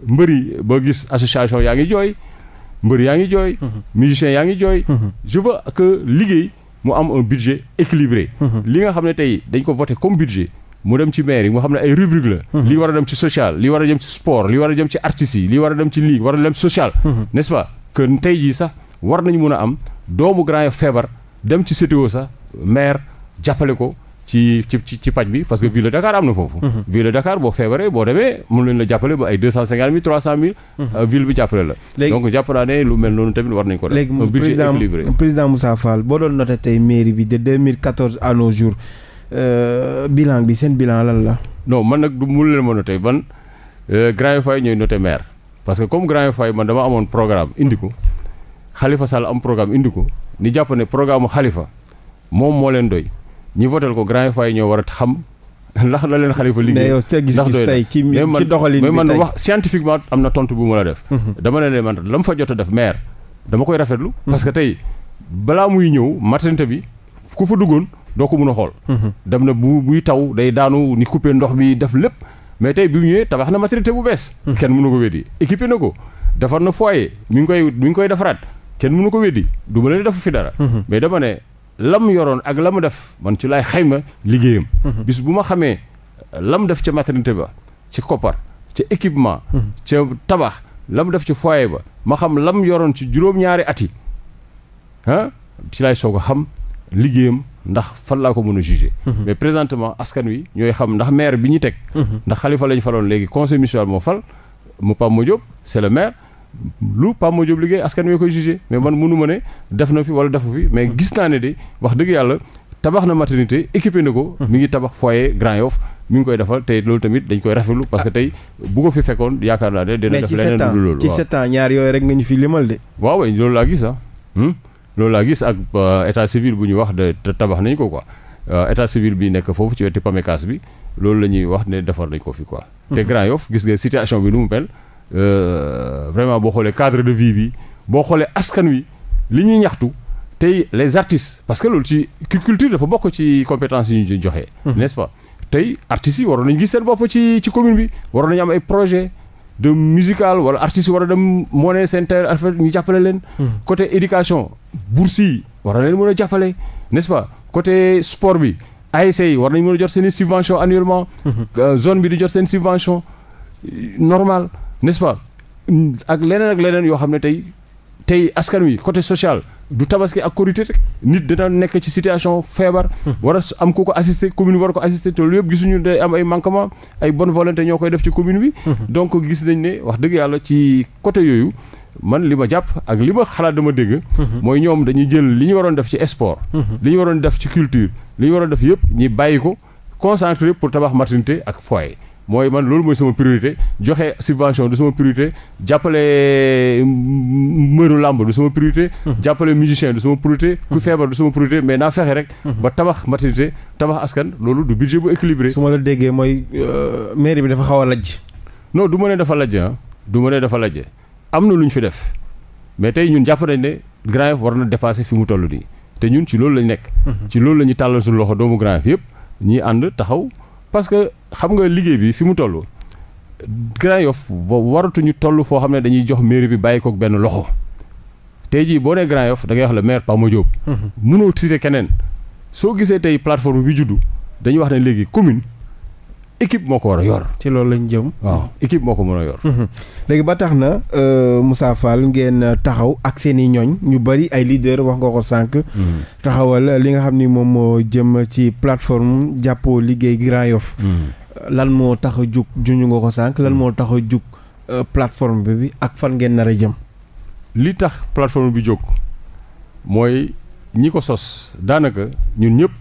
mbëri ba gis association yaa ngi jooy mbër yaa ngi jooy mhm. musicien yaa ngi jooy je veux liggéey mu am un budget équilibré li nga xam ne tey dañ ko voté comme budget mu dem ci maire yi mu xam ne ay rubrique la lii war a dem ci social li war a dem ci sport li war a dem ci artistes lii war a dem ci lii war a dem social n'est-ce tey jii sax war nañu mun a am doomu Grand feebar dem ci CTO sax maire jàppale ko ci ci ci bi parce que ville de Dakar am na foofu. Mhm. ville de Dakar boo feebaree boo demee mën leen la jàppale ba ay deux cent cinquante mille trois cent mille. Mhm. Euh, ville bi la. léegi donc jàpp naa ne lu tamit war nañu ko def. léegi président président Moussa Fall boo doon noté tey mairie bi de 2014 euh, bi seen bilan lan la. non man nag du mënu leen ma noté man euh, Grand Yoff ñooy noté maire parce que comme Grand Yoff man dama amoon programme indi ko. xalifa Sall am programme indi ko ni jàpp ne programme mu moom moo leen doy ñi votel ko grand fa yi ñoo war a xam ndax la leen xalifa liggéey. ndax doy na ci doxalin bi mais man wax scientifiquement am na tontu bu ma la def. Mhm. dama ne man la mu fa jot a def maire dama koy rafetlu. parce que tey balaa muy ñëw maternité bi ku fa duggoon doo ko mën a xool. Mhm. dem na bu buy taw day daanu ni coupé ndox mi def lépp. mais tey bi mu tabax na maternité bu bees. Mhm. kenn mënu ko weddi équipé na ko defar na foyer mi ngi koy mi ngi koy defaraat. kenn mënu ko weddi du ma leen defu fi dara. Mhm. mais dama ne lam yoroon ak la mu def man ci laay xayma liggéeyam. Mhm. bis bu ma xamee euh, lam def ca maternité ba ci koppar ca équipement. Mhm. ca tabax lam def ci foyer ba ma xam lam yoroon ci juróom-ñaari at yi ah ci laay soog a xam liggéeyam. ndax fan laa ko mën a juger mais présentement askan wi ñooy xam ndax maire bi ñu teg ndax xalifa lañu faloon léegi conseil municipal moo fal mu Pape Modiop c'est le maire lu Pape Madiop liggéey askan wi koy jugé mais man mënu ma ne def na fi wala defu fi mais gis naa ne de wax dëgg yàlla tabax na maternité équipé na ko. mu ngi tabax foyer Grand Yoff mu ngi koy defal tey loolu tamit dañ koy rafetlu parce que tey bu ko fi fekkoon yaakaar naa ne dina def leneen lu loolu mais ñaar yooyu rek nga ñu fi limal de. waaw loolu laa gis ah. loolu laa gis ak euh, état civil bu ñu wax de tabax nañ ko quoi euh, état civil bi nekk foofu ci wetu PAMECAS bi loolu la ñuy wax ne defar nañ ko fi quoi. te Grand Yoff gis nga situation bi nu mu mel. Euh, vraiment boo xoolee cadre de vie bi boo xoolee askan wi li ñuy ñaxtu tey les artistes parce que loolu ci culture dafa bokk ci compétence yi ñu joxe. Mhm. n'est-ce tey artistes yi waroon nañu gis seen bopp ci ci commune bi war nañu am ay projet de musical wala artistes yi war a dem monnaie seen terre affaire ñu jàppale leen. Mhm. côté éducation bourse yi war na leen mën a jàppale n'est-ce pas côté sport bi ASC yi war nañ mën a jot seen i subvention annuellement. Mhm. Euh, zone bi di jot seen subvention normal n'est-ce pas ak leneen ak leneen yoo xam ne tey tey askan wi côté social du tabaski ak korité rek nit dina nekk ci situation feebar hmm. war a am ku ko assister commune war ko assister te lu yëpp gisuñu day am ay manquement ay bonne volonté ñoo koy def ci commune bi hmm. donc gis nañ ne wax dëgg yàlla ci côté yooyu man li ma jàpp ak li ma xalaat dama dégg hmm. mooy ñoom dañuy jël li ñu waroon def ci sport li ñu waroon def ci culture li ñu waroon def yëpp ñi bàyyi ko concentré pour tabax maternité ak foyer mooy man loolu mooy sama priorité joxe subvention du sama priorité jàppale mbëru làmb du sama priorité. (laughs) jàppale musicien du sama priorité. ku (laughs) feebar du sama priorité mais naa fexe rek. (laughs) ba tabax maternité tabax askan loolu du budget bu équilibré. su ma la déggee mooy euh, maire bi dafa xaw a lajj. non du ma ne dafa lajj ah du ma ne dafa lajj am na lu ñu fi def mais tey ñun jàpp nañ ne Grand Yoff war na dépasser fi mu toll nii te ñun ci loolu lañ nekk. ci loolu la ñuy tàllal suñu loxo doomu yëpp ñuy ànd taxaw xam nga liggéey bi fi mu toll Grand Yoff waratuñu toll foo xam ne dañuy jox mairie bi bàyyi kook benn loxo tey jii boo nee Grand Yoff da ngay wax le maire Pama Diop. Mhm. mënoo citer keneen soo gisee tey plateforme bi juddu dañuy wax ne léegi commune. équipe moo ko war a yor. ci loolu lañ jëm. waaw équipe moo ko mën a yor. Mhm. léegi ba tax na euh, Moussa Fall ngeen taxaw ak seen i ñooñ ñu bëri ay leader wax nga ko sànq. Mhm. taxawal li nga xam ni moom moo jëm ci plateforme jàppoo liggéey Grand Yoff. lan moo tax a jug juñu nga ko sànq lan hmm. moo tax a jug euh, plateforme bi ak fan ngeen nara jëm. li tax plateforme bi jóg mooy ñi ko sos daanaka ñun ñëpp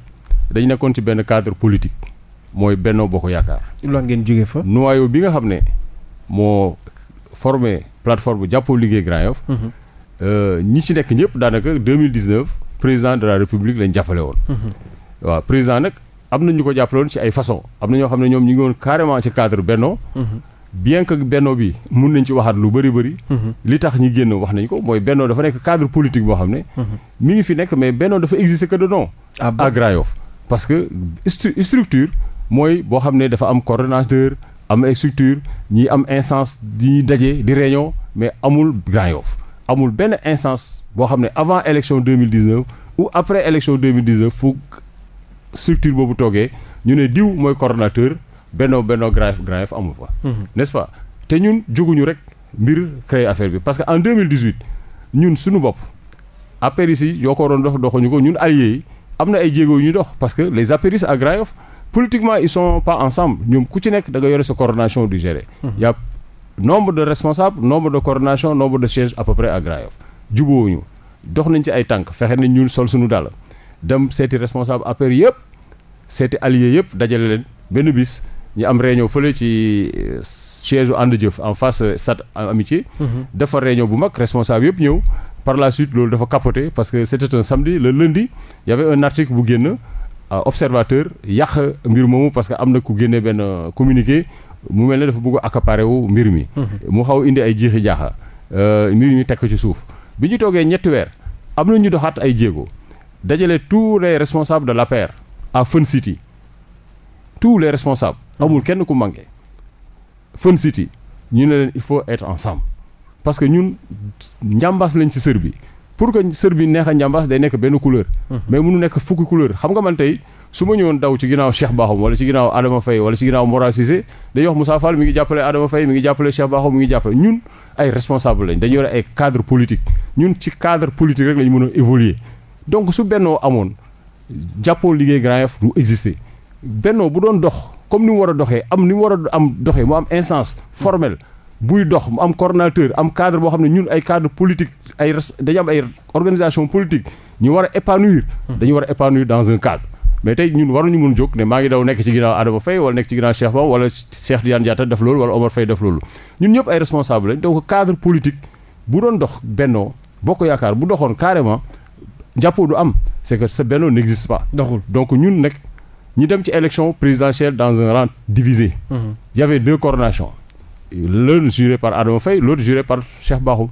dañ nekkoon ci benn cadre politique mooy Benno Bokk Yaakaar. lan ngeen jóge fa. noyau bi nga xam ne moo formé plateforme jàppoo liggéey Grand Yoff. Hmm. Euh, ñi ci nekk ñëpp daanaka 2019 président de la république lañ jàppale woon. Hmm. waaw président nag am na ñu ko jàppale woon ci ay façon am na ñoo xam ne ñoom ñu ngi woon carrément ci cadre Benno mhm. bien que Benno bi mun nañ ci waxaat lu bëri bëri mhm. li tax ñu génn wax nañ ko mooy Benno dafa nekk cadre politique boo xam ne mhm. mi ngi fi nekk mais Benno dafa exister que de nom ah à Grand Yoff parce que structure mooy boo xam ne dafa am coordonnateur am ay structure ñi am instance di daje di réunion mais amul Grand Yoff amul benn instance boo xam ne avant élection 2019 ou après élection 2019 fukk structure boobu toogee ñu ne diw mooy coordonnateur Benno Benno Grand Grand amu fa. Mhm. n'est-ce pas te ñun juguñu rek mbir créer affaire bi parce que en 2018 ñun suñu bopp apéris yi ko waroon dox doxuñu ko ñun alliés yi am na ay jéego yu ñu dox parce que les apéris à Grand Yoff politiquement ils sont pas ensemble ñoom ku ci nekk da yore sa coordination du gérer. Mhm. y nombre de responsables nombre de coordination nombre de sièges à peu près à Grand Yoff jubóowuñu dox nañ ci ay tànk fexe nañ ñun sol suñu dàll dem seeti responsable affaire yëpp seeti allié yëpp dajale leen benn bis ñu am réunion fële ci euh, siège u ànd jëf en face euh, stade amitié mhm. dafa réunion bu mag responsable yëpp ñëw par la suite loolu dafa capoté parce que c'était un samedi le lundi y avait un bu génn euh, observateur yàq mbir moomu parce que am na ku génne benn communiqué mu mel ne dafa bëgg a accaparer wu mbir mi mhm. mu xaw indi ay jiixi jaaxa mbir mi tekk ci suuf bi ñu toogee ñetti weer am na ñu doxaat ay jéego dajale tous les responsables de l'APR à Fun City tous les responsables amul kenn ku manqué Fun City ñu ne leen il faut être ensemble parce ñun njàmbaas lañ ci sër bi pour que sër bi a njàmbaas day nekk benn couleur mhm. mais mënu nekk xam nga man tey su ma ñëwoon daw ci ginnaaw Cheikh Bakhoum wala ci ginnaaw Adama Faye wala ci ginnaaw Mora Cissé dañuy wax Moussa Fall mi ngi jàppale Adama Faye mi ngi jàppale Cheikh Bakhoum mi ngi jàppale ñun ay responsable lañ dañu yore ay cadre politique ñun ci cadre politique rek lañ mën a évoluer donc su bennoo amoon jàppoo liggéey Grand Yoff du exister bennoo bu doon dox comme ni mu war a doxee am ni mu war a am doxee mu am instance formelle buy dox mu am coordonnateur am cadre boo xam ne ñun ay cadre politique ay dañu am ay organisation politique ñu war a épanouir dañu war a épanouir dans un cadre mais tey ñun ñu mun jóg ne maa ngi daw nekk ci ginnaaw Adama Faye wala nekk ci ginnaaw Cheikh Ba wala Cheikh Diane Diatta def loolu wala Omar Faye def ñëpp ay responsable lañ donc cadre politique bu doon dox bennoo bokk yaakaar bu doxoon carrément jàppoo du am c'est que sa Benno n'existe pas. donc ñun nag ñu dem ci élection présidentielle dans un rang divisé. Mmh. il y avait deux coordinations. l'un juré par Adama Faye l'autre juré par Cheikh Bakhoum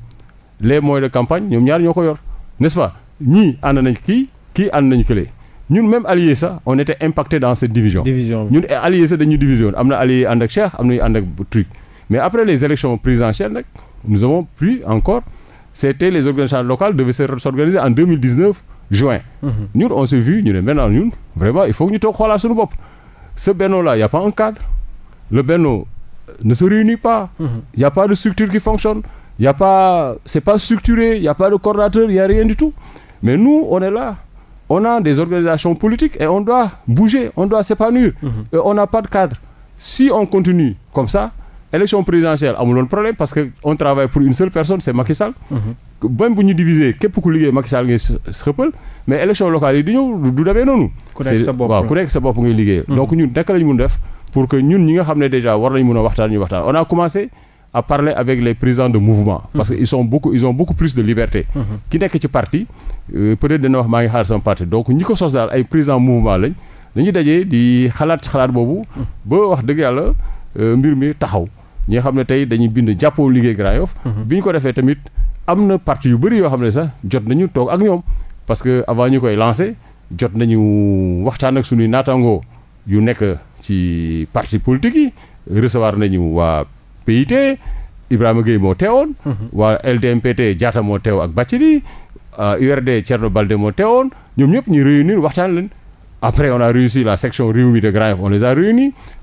les moyens de campagne ñoom ñaar ñoo ko yor n'est-ce pas ñii ànd nañ kii kii ànd nañ kële ñun même alliés sax on était impacté dans cette division. division ñun alliés sax dañuy division am na alliés ànd ak Cheikh am na yu ànd ak truc mais après les élections présidentielles nag nous avons pris encore. c'était les organisations locales devaient s'organiser en 2019 juin. Mhm. ñun on s'est vu ñu ne maintenant ñun vraiment il faut que ñu toog xoolaat suñu ce benno là y a pas un cadre le benno euh, ne se réunit pas. Mhm. y a pas de structure qui fonctionne. y a pas c'est pas structuré y a pas de coordonnateur y a rien du tout mais nous on est là. on a des organisations politiques et on doit bouger on doit s'épanouir. Mhm. Euh, on n'a pas de cadre. si on continue comme ça. élection présidentielle amuloon problème parce que on travaille pour une seule personne c'est Macky Sall. Mhm. bu ñu diviser képp ku liggéey Macky Sall ngay xëppal mais élection locale yi di ñëw du demee noonu. ku nekk sa bopp waaw ku nekk sa bopp ngay liggéey. Mhm. donc ñun naka la ñu mun def pour que ñun ñi nga xam ne déjà war nañu mun a waxtaan ñu waxtaan on a commencé. à parler avec les présidents de mouvement mhm. parce que ils sont beaucoup plus de liberté ki nekk ci parti euh, peut-être dana maa ngi xaar sama parti donc ñi ko sos daal ay président dajee di xalaat xalaat boobu ba wax dëgg yàlla euh, mbir mi taxaw ñi xam ne tey dañuy bind jàppoo liggéey Grand Yoff mhm. bi ñu ko defee tamit am na parti yu bëri yoo xam ne sax jot nañu toog ak ñoom parce que avant ñu koy lancé jot nañu waxtaan ak suñuy naataangoo yu nekk ci parti politique yi recevoir nañu waa PIT Ibrahima Gueye moo teewoon mhm. waa LDMPT Diatta moo teew ak Bathily URD euh, Thierno Balde moo teewoon ñoom ñëpp ñu réunir waxtaan leen après on a réussi la section Rewmi de Grand Yoff on les a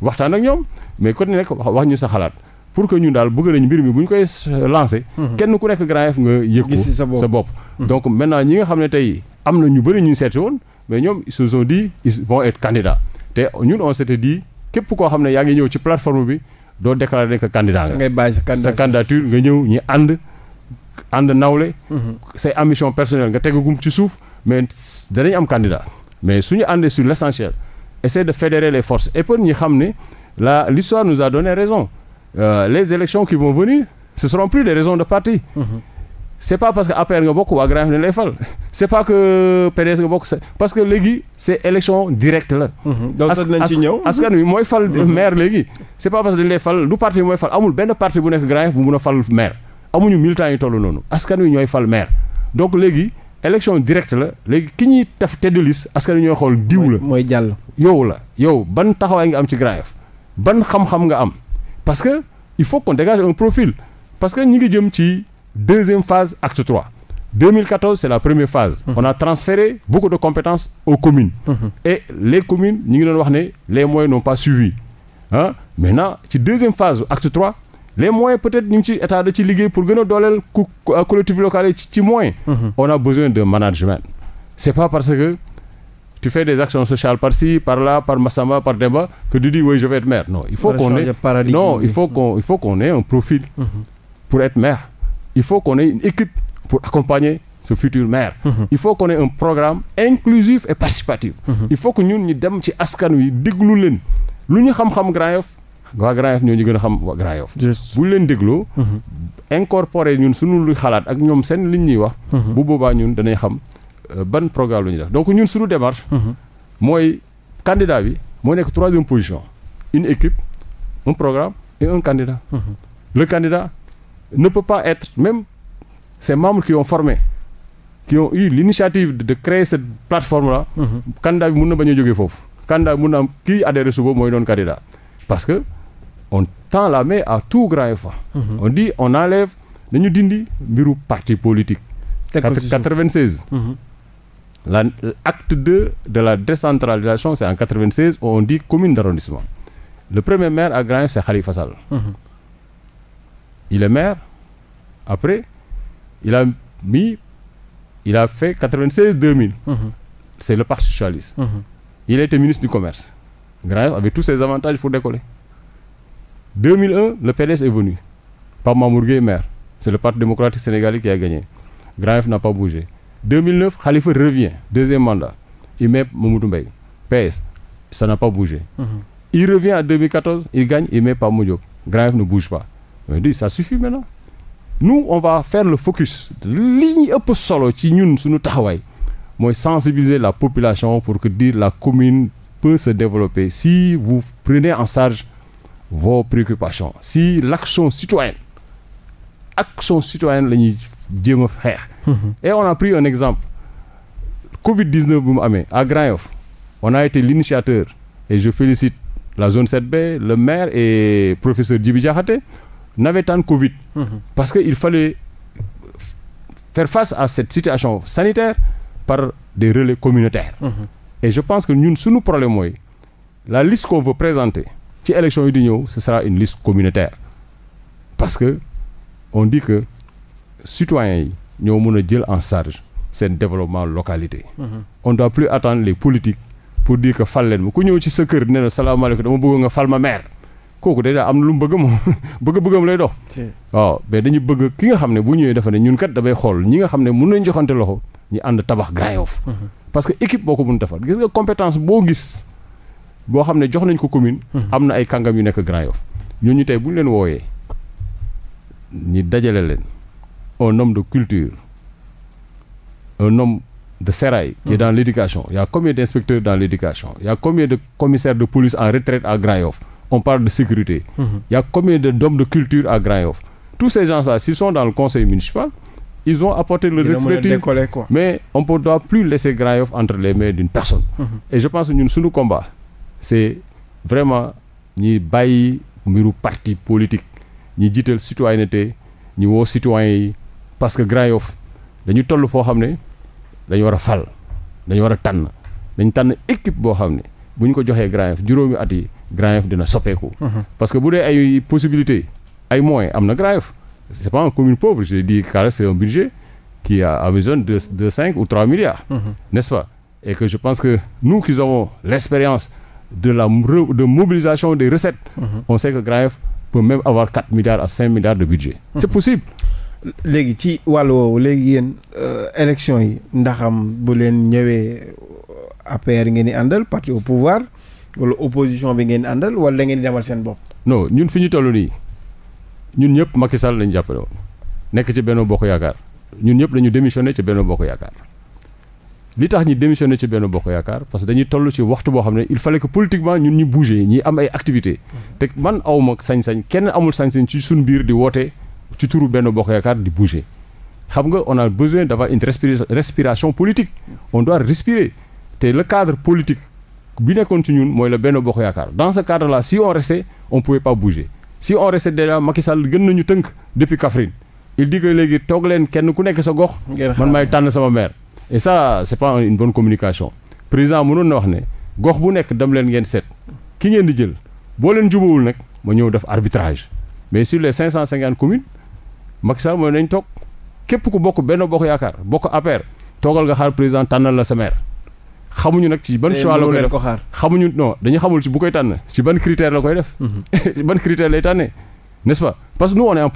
waxtaan ak ñoom mais kon nekk wax ñu sa xalaat pour que ñun daal bëgg nañu mbir mi bu ñu koy euh, lancé. Mhm. kenn ku nekk Grand Yoff nga yëg ko sa bopp mhm. donc maintenant ñi nga xam ne tey am na ñu bëri ñu seeti woon mais ñoom ils se di dit ils vont être candidats te ñun on s'était dit képp koo xam ne yaa ngi ñëw ci plateforme bi doo déclarer ne que candidat nga sa candidature nga ñëw ñi ànd ànd nawle mhm. say ambition personnelle nga tegagum ci suuf mais danañ am candidat mais suñu àndee sur l' essentiel essayer de fédérer les forces et pour xam ne la l'histoire nous a donné raison euh, les élections qui vont venir ce seront plus des raisons de parti mmh. c'est pas parce que APR nga bokk waa Grand Yoff ne lay fal c'est pas que PDS nga bokk parce que léegi c'est élection directe la mhm. donc nañ ci ñëw askan wi mooy fal mhm. maire léegi c'est pas parce que dañ lay fal du parti mooy fal amul benn parti bu nekk Grand Yoff bu mun a fal maire amuñu militants yi toll noonu askan wi ñooy fal maire donc léegi élection directe la léegi ki ñuy taf tête de liste askan wi ñooy xool diw mooy jàll yow la yow ban taxawaay nga am ci Grand ban xam nga am parce que il faut qu'on dégage un profil parce que ñu ngi jëm ci deuxième phase acte 3 2014 c'est la première phase on a transféré beaucoup de compétences aux communes et les communes ñu ngi doon wax ne les moyens n'ont pas suivi ah maintenant ci deuxième phase acte 3 les moyens peut-être ñu ngi ci état da ci liggéey pour gën a dooleel collectivités locales yi ci moyen on a besoin de management c'est pas parce que tu fais des actions sociales par-ci, par-là, par Massamba, par Demba, que tu dis oui, je vais être maire. Non, il faut qu'on ait non, il faut qu'on il faut profil mhm. pour être Il faut qu'on ait une équipe pour accompagner ce futur maire. Mhm. Il faut qu'on ait mhm. Il dem ci askan wi déglu leen lu ñu xam-xam Grand Yoff waa Grand Yoff ñoo ñu gën a xam Grand Yoff. bu leen dégloo. incorporer ñun suñu luy xalaat ak ñoom seen liñ ñuy wax. bu boobaa ñun danay xam. Euh, ban programme la ñuy def donc ñun suñu démarche. Mhm. mooy candidat bi moo nekk troisième position une équipe un programme et un candidat. Mhm. le candidat ne peut pas être même ses membres qui ont formé qui ont eu l'initiative de créer cette plateforme là. Mhm. candidat bi mun na bañ a jógee foofu. candidat bi mun na am kii adhéré suba mooy doon candidat parce que on tend la mais à tout Grand Yoff. on dit on enlève dañu dindi mbiru parti politique. 96. L'acte 2 de la décentralisation, c'est en 96, où on dit commune d'arrondissement. Le premier maire à Grand c'est Khalifa Sall. Mm-hmm. Il est maire. Après, il a mis, il a fait 96-2000. Mm-hmm. C'est le Parti Socialiste. Mmh. Il a été ministre du Commerce. Grand avait tous ses avantages pour décoller. 2001, le PDS est venu. Par Mamourgué maire. C'est le Parti démocratique sénégalais qui a gagné. Grand n'a pas bougé. 2009 Khalifa revient deuxième mandat il met Mamadou Mbaye PS ça n'a pas bougé. Mm -hmm. il revient en 2014 il gagne il met Pape Modiop Grand F ne bouge pas on dit ça suffit maintenant nous on va faire le focus li ñu ëpp solo ci ñun suñu taxawaay mooy sensibiliser la population pour que dire la commune peut se développer si vous prenez en charge vos préoccupations si l'action citoyenne action citoyenne la ñuy jéem a xeex. et on a pris un exemple Covid 19 bu mu amee à Grand Yoff on a été l'initiateur et je félicite la zone 7B le maire et professeur Djibi Diakhaté nawetaan Covid. parce que il fallait faire face à cette situation sanitaire par des relais communautaires. et je pense que ñun suñu problème mooy la liste qu'on veut présenter ci élection yi di ñëw ce sera une liste communautaire parce que on dit que. citoyens yi ñoo mën a jël en charge seen développement localité. Mhm. on doit plus attendre les politiques pour dire que fal leen ma ku ñëw ci sa kër ne la salaamaaleykum dama bëgg nga fal ma maire kooku déjà am na lu mu bëgg moom (laughs) bëgg-bëggam bëgg lay dox. waaw mais dañu bëgg ki nga xam ne bu ñëwee dafa ne ñun kat damay xool ñi nga xam ne mën nañ joxante loxo ñu ànd tabax Grand Yoff mhm. parce que équipe boo ko mën defar gis nga compétence boo gis boo xam ne jox nañ ko commune. Mhm. am na ay kàngam yu nekk Grand Yoff ñooñu tey bu ñu leen wooyee ñi dajale leen. un homme de culture un homme de sérail qui mmh. est mm. dans l'éducation il y a combien d'inspecteurs dans l'éducation il y a combien de commissaires de police en retraite à Grand Yoff on parle de sécurité mmh. il y a combien d'hommes de culture à Grand Yoff tous ces gens-là s'ils sont dans le conseil municipal ils ont apporté leur expertise mais on ne doit plus laisser Grand Yoff entre les mains d'une personne mm-hmm. et je pense que ñun suñu combat c'est vraiment ñi bàyyi mbiru parti politique ñi jiital citoyenneté ñi woo citoyen parce que Grand Yoff dañu toll foo xam ne dañu war a fal dañu war a tànn dañ tànn équipe boo xam ne bu ñu ko joxee Grand Yoff juróomi at yi Grand Yoff dina soppeeku. Mhm. parce que bu dee ay possibilité ay moyen am na Grand Yoff. c'est pas une commune pauvre je l'ai dit car c'est budget qui a à besoin de de cinq ou trois milliards. Mm -hmm. n'est-ce pas et que je pense que nous qui avons l'expérience de la de mobilisation des recettes. Mm -hmm. on sait que Grand Yoff peut même avoir quatre à cinq milliards de budget. Mhm. léegi ci wàll woowu léegi yéen euh, élection yi ndaxam bu leen ñëwee euh, APR ngeen di àndal parti au pouvoir wala opposition bi ngeen di àndal wala da ngeen di demal seen bopp. non ñun fi ñu toll nii ñun ñëpp Macky Sall lañ jàppale woon nekk ci benn Bokk Yaakaar ñun ñëpp dañu démissionné ci benn Bokk Yaakaar li tax ñu démissionné ci Benno Bokk Yaakaar parce que dañuy toll ci waxtu boo xam ne il fallait que politiquement ñun ñu bouger ñi am ay activités mmh. te man awma sañ-sañ kenn amul sañ-sañ ci suñ biir di woote. ci turu benn bokk yaakaar di bouger xam nga on a besoin d'avoir une respiration politique on doit respirer te le cadre politique bi nekkoon ci ñun mooy la benn bokk yaakaar dans ce cadre là si on restait on pouvait pas bouger si on restait déjà Macky Sall gën nañu tënk depuis Kaffrine il dit que léegi toog leen kenn ku nekk sa gox. man maay tànn sama maire. et ça c'est pas une bonne communication président mënoon na wax ne gox bu nekk dem leen ngeen seet ki ngeen di jël boo leen jubawul nag ma ñëw def arbitrage mais sur les 550 communes. Macky Sall mooy nañ toog képp ku bokk benn bokk yaakaar bokk APR toogal nga xaar président tànnal la sa maire xamuñu nag ci ban choix la koy def xamuñu non dañu xamul ci bu koy tànn ci ban critère la koy def mhm. (laughs) ban critère lay tànnee n'est-ce pas parce que nous on est en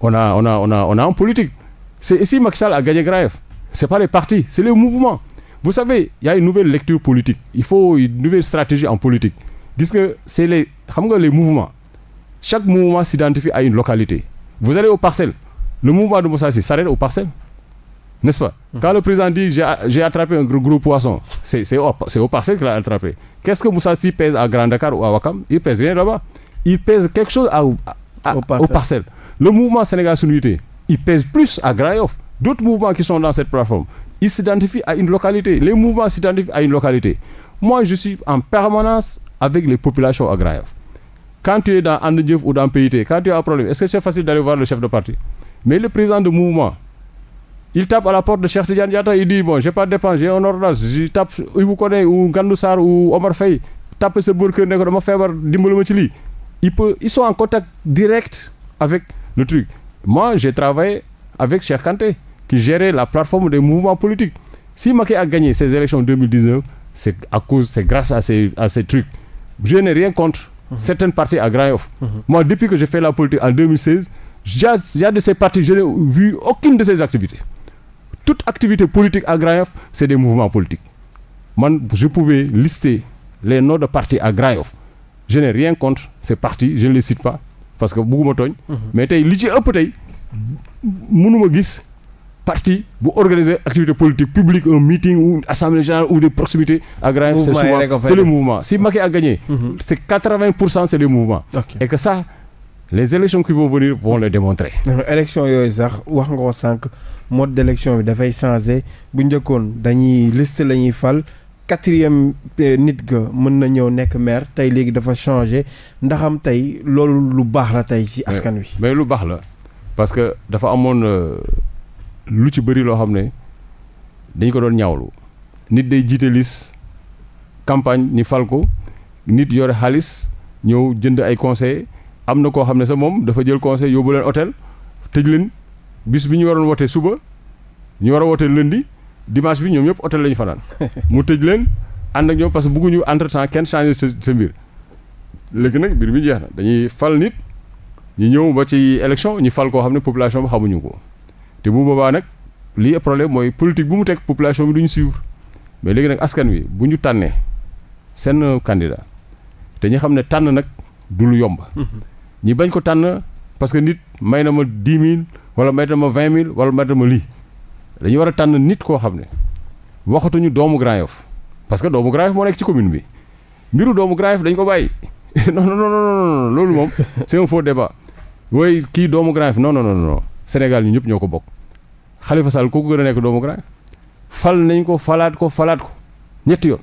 on a on a politique c'est ici Macky Sall a gagné Grand Yoff c'est pas les partis c'est les mouvements vous savez il nouvelle lecture politique il faut une nouvelle stratégie en politique gis nga c'est les xam nga les mouvements chaque mouvement s'identifie à une localité Vous allez aux parcelles. Le mouvement de Moussa s'arrête aux parcelles. N'est-ce pas Quand le président dit j'ai attrapé un gros, gros poisson, c'est au, au qu'il a attrapé. Qu'est-ce que Moussa Sy pèse à Grand Dakar ou à Wakam Il pèse rien là-bas. Il pèse quelque chose à, à, aux, Le mouvement Sénégal Unité, il pèse plus à Grand D'autres mouvements qui sont dans cette plateforme, ils s'identifient à une localité. Les mouvements s'identifient à une localité. Moi, en permanence avec les populations à quand tu es dans And Jëf ou dans PIT quand tu as est facile d'aller voir le chef de parti mais le président de mouvement il tape à la porte de Cheikh Tidiane il dit j'ai pas de dépense j'ai un ordonnance je tape Ibou Koné ou Gandou ou Omar Faye tape sa bërkër ne ko dama feebar dimbali ma ci lii il sont en contact direct avec le truc moi j'ai travaillé avec Cheikh Kanté qui gérait la plateforme des mouvements politiques si Macky a gagné ces élections 2019 c'est à cause c'est Mhm. certaines parties à Grand Yoff. Mhm. Moi, depuis que j'ai fait la politique en 2016, j'ai de ces partis, je n'ai vu aucune de ces activités. Toute activité politique à Grand Yoff, c'est des mouvements politiques. je pouvais lister les noms de partis à Grand Yoff. je n'ai rien contre ces partis je ne les pas parce que bugguma tooñ mhm. mais tey li ci ëpp tey mënuma gis parti bu organiser activité politique publique un meeting ou une assemblée générale ou des proximités à Grand Yoff c'est souvent c'est si Macky a gagné mhm. c'est 80 pour cent c'est les mouvements et que ça les élections qui vont venir vont le démontrer élection yooyu sax wax nga ko sànq mode d'élection bi dafay changer bu njëkkoon dañuy liste la ñuy fal quatrième eh, nit ga mën na ñëw nekk maire tey léegi dafa changer ndaxam tey loolu lu baax la tey ci askan wi mais lu baax la parce que dafa amoon euh, lu ci bëri loo xam ne dañ ko doon ñaawlu nit day jiite liste campagne ñi fal ko nit yore xaalis ñëw jënd ay conseil am na koo xam ne sax moom dafa jël conseil yóbbu leen hôtel tëj leen bis bi ñu waroon wootee suba ñu war a wootee lundi dimanche bi ñoom ñëpp otel la fanaan (laughs) mu tëj leen ànd ak ñoom parce que bëgguñu entre temps kenn changé sa sa mbir léegi nag mbir mi jeex na dañuy fal nit ñu ñëw ba ci élection ñu fal koo xam ne population bi xamuñu ko. te bu boobaa nag lii problème mooy politique bu mu teg population bi duñu ñu suivre mais léegi nag askan wi bu ñu tànnee seen candidat te ñu xam ne tànn nag du lu yomb. Mm-hmm. ñi bañ ko tànn parce que nit may na ma dix mille wala may na ma vingt mille wala may na ma lii dañu war a tànn nit koo xam ne waxatuñu doomu Grand Yoff parce que doomu Grand Yoff moo nekk ci commune bi mbiru doomu Grand Yoff dañ ko bàyyi (laughs) non non non loolu moom c'est un faux débat. wooy kii doomu Grand Yoff non Sénégal ñu ñëpp ñoo ko bokk xalifa Sall ku ko gën a nekk doomu Grand fal nañ ko falaat ko falaat ko ñetti yoon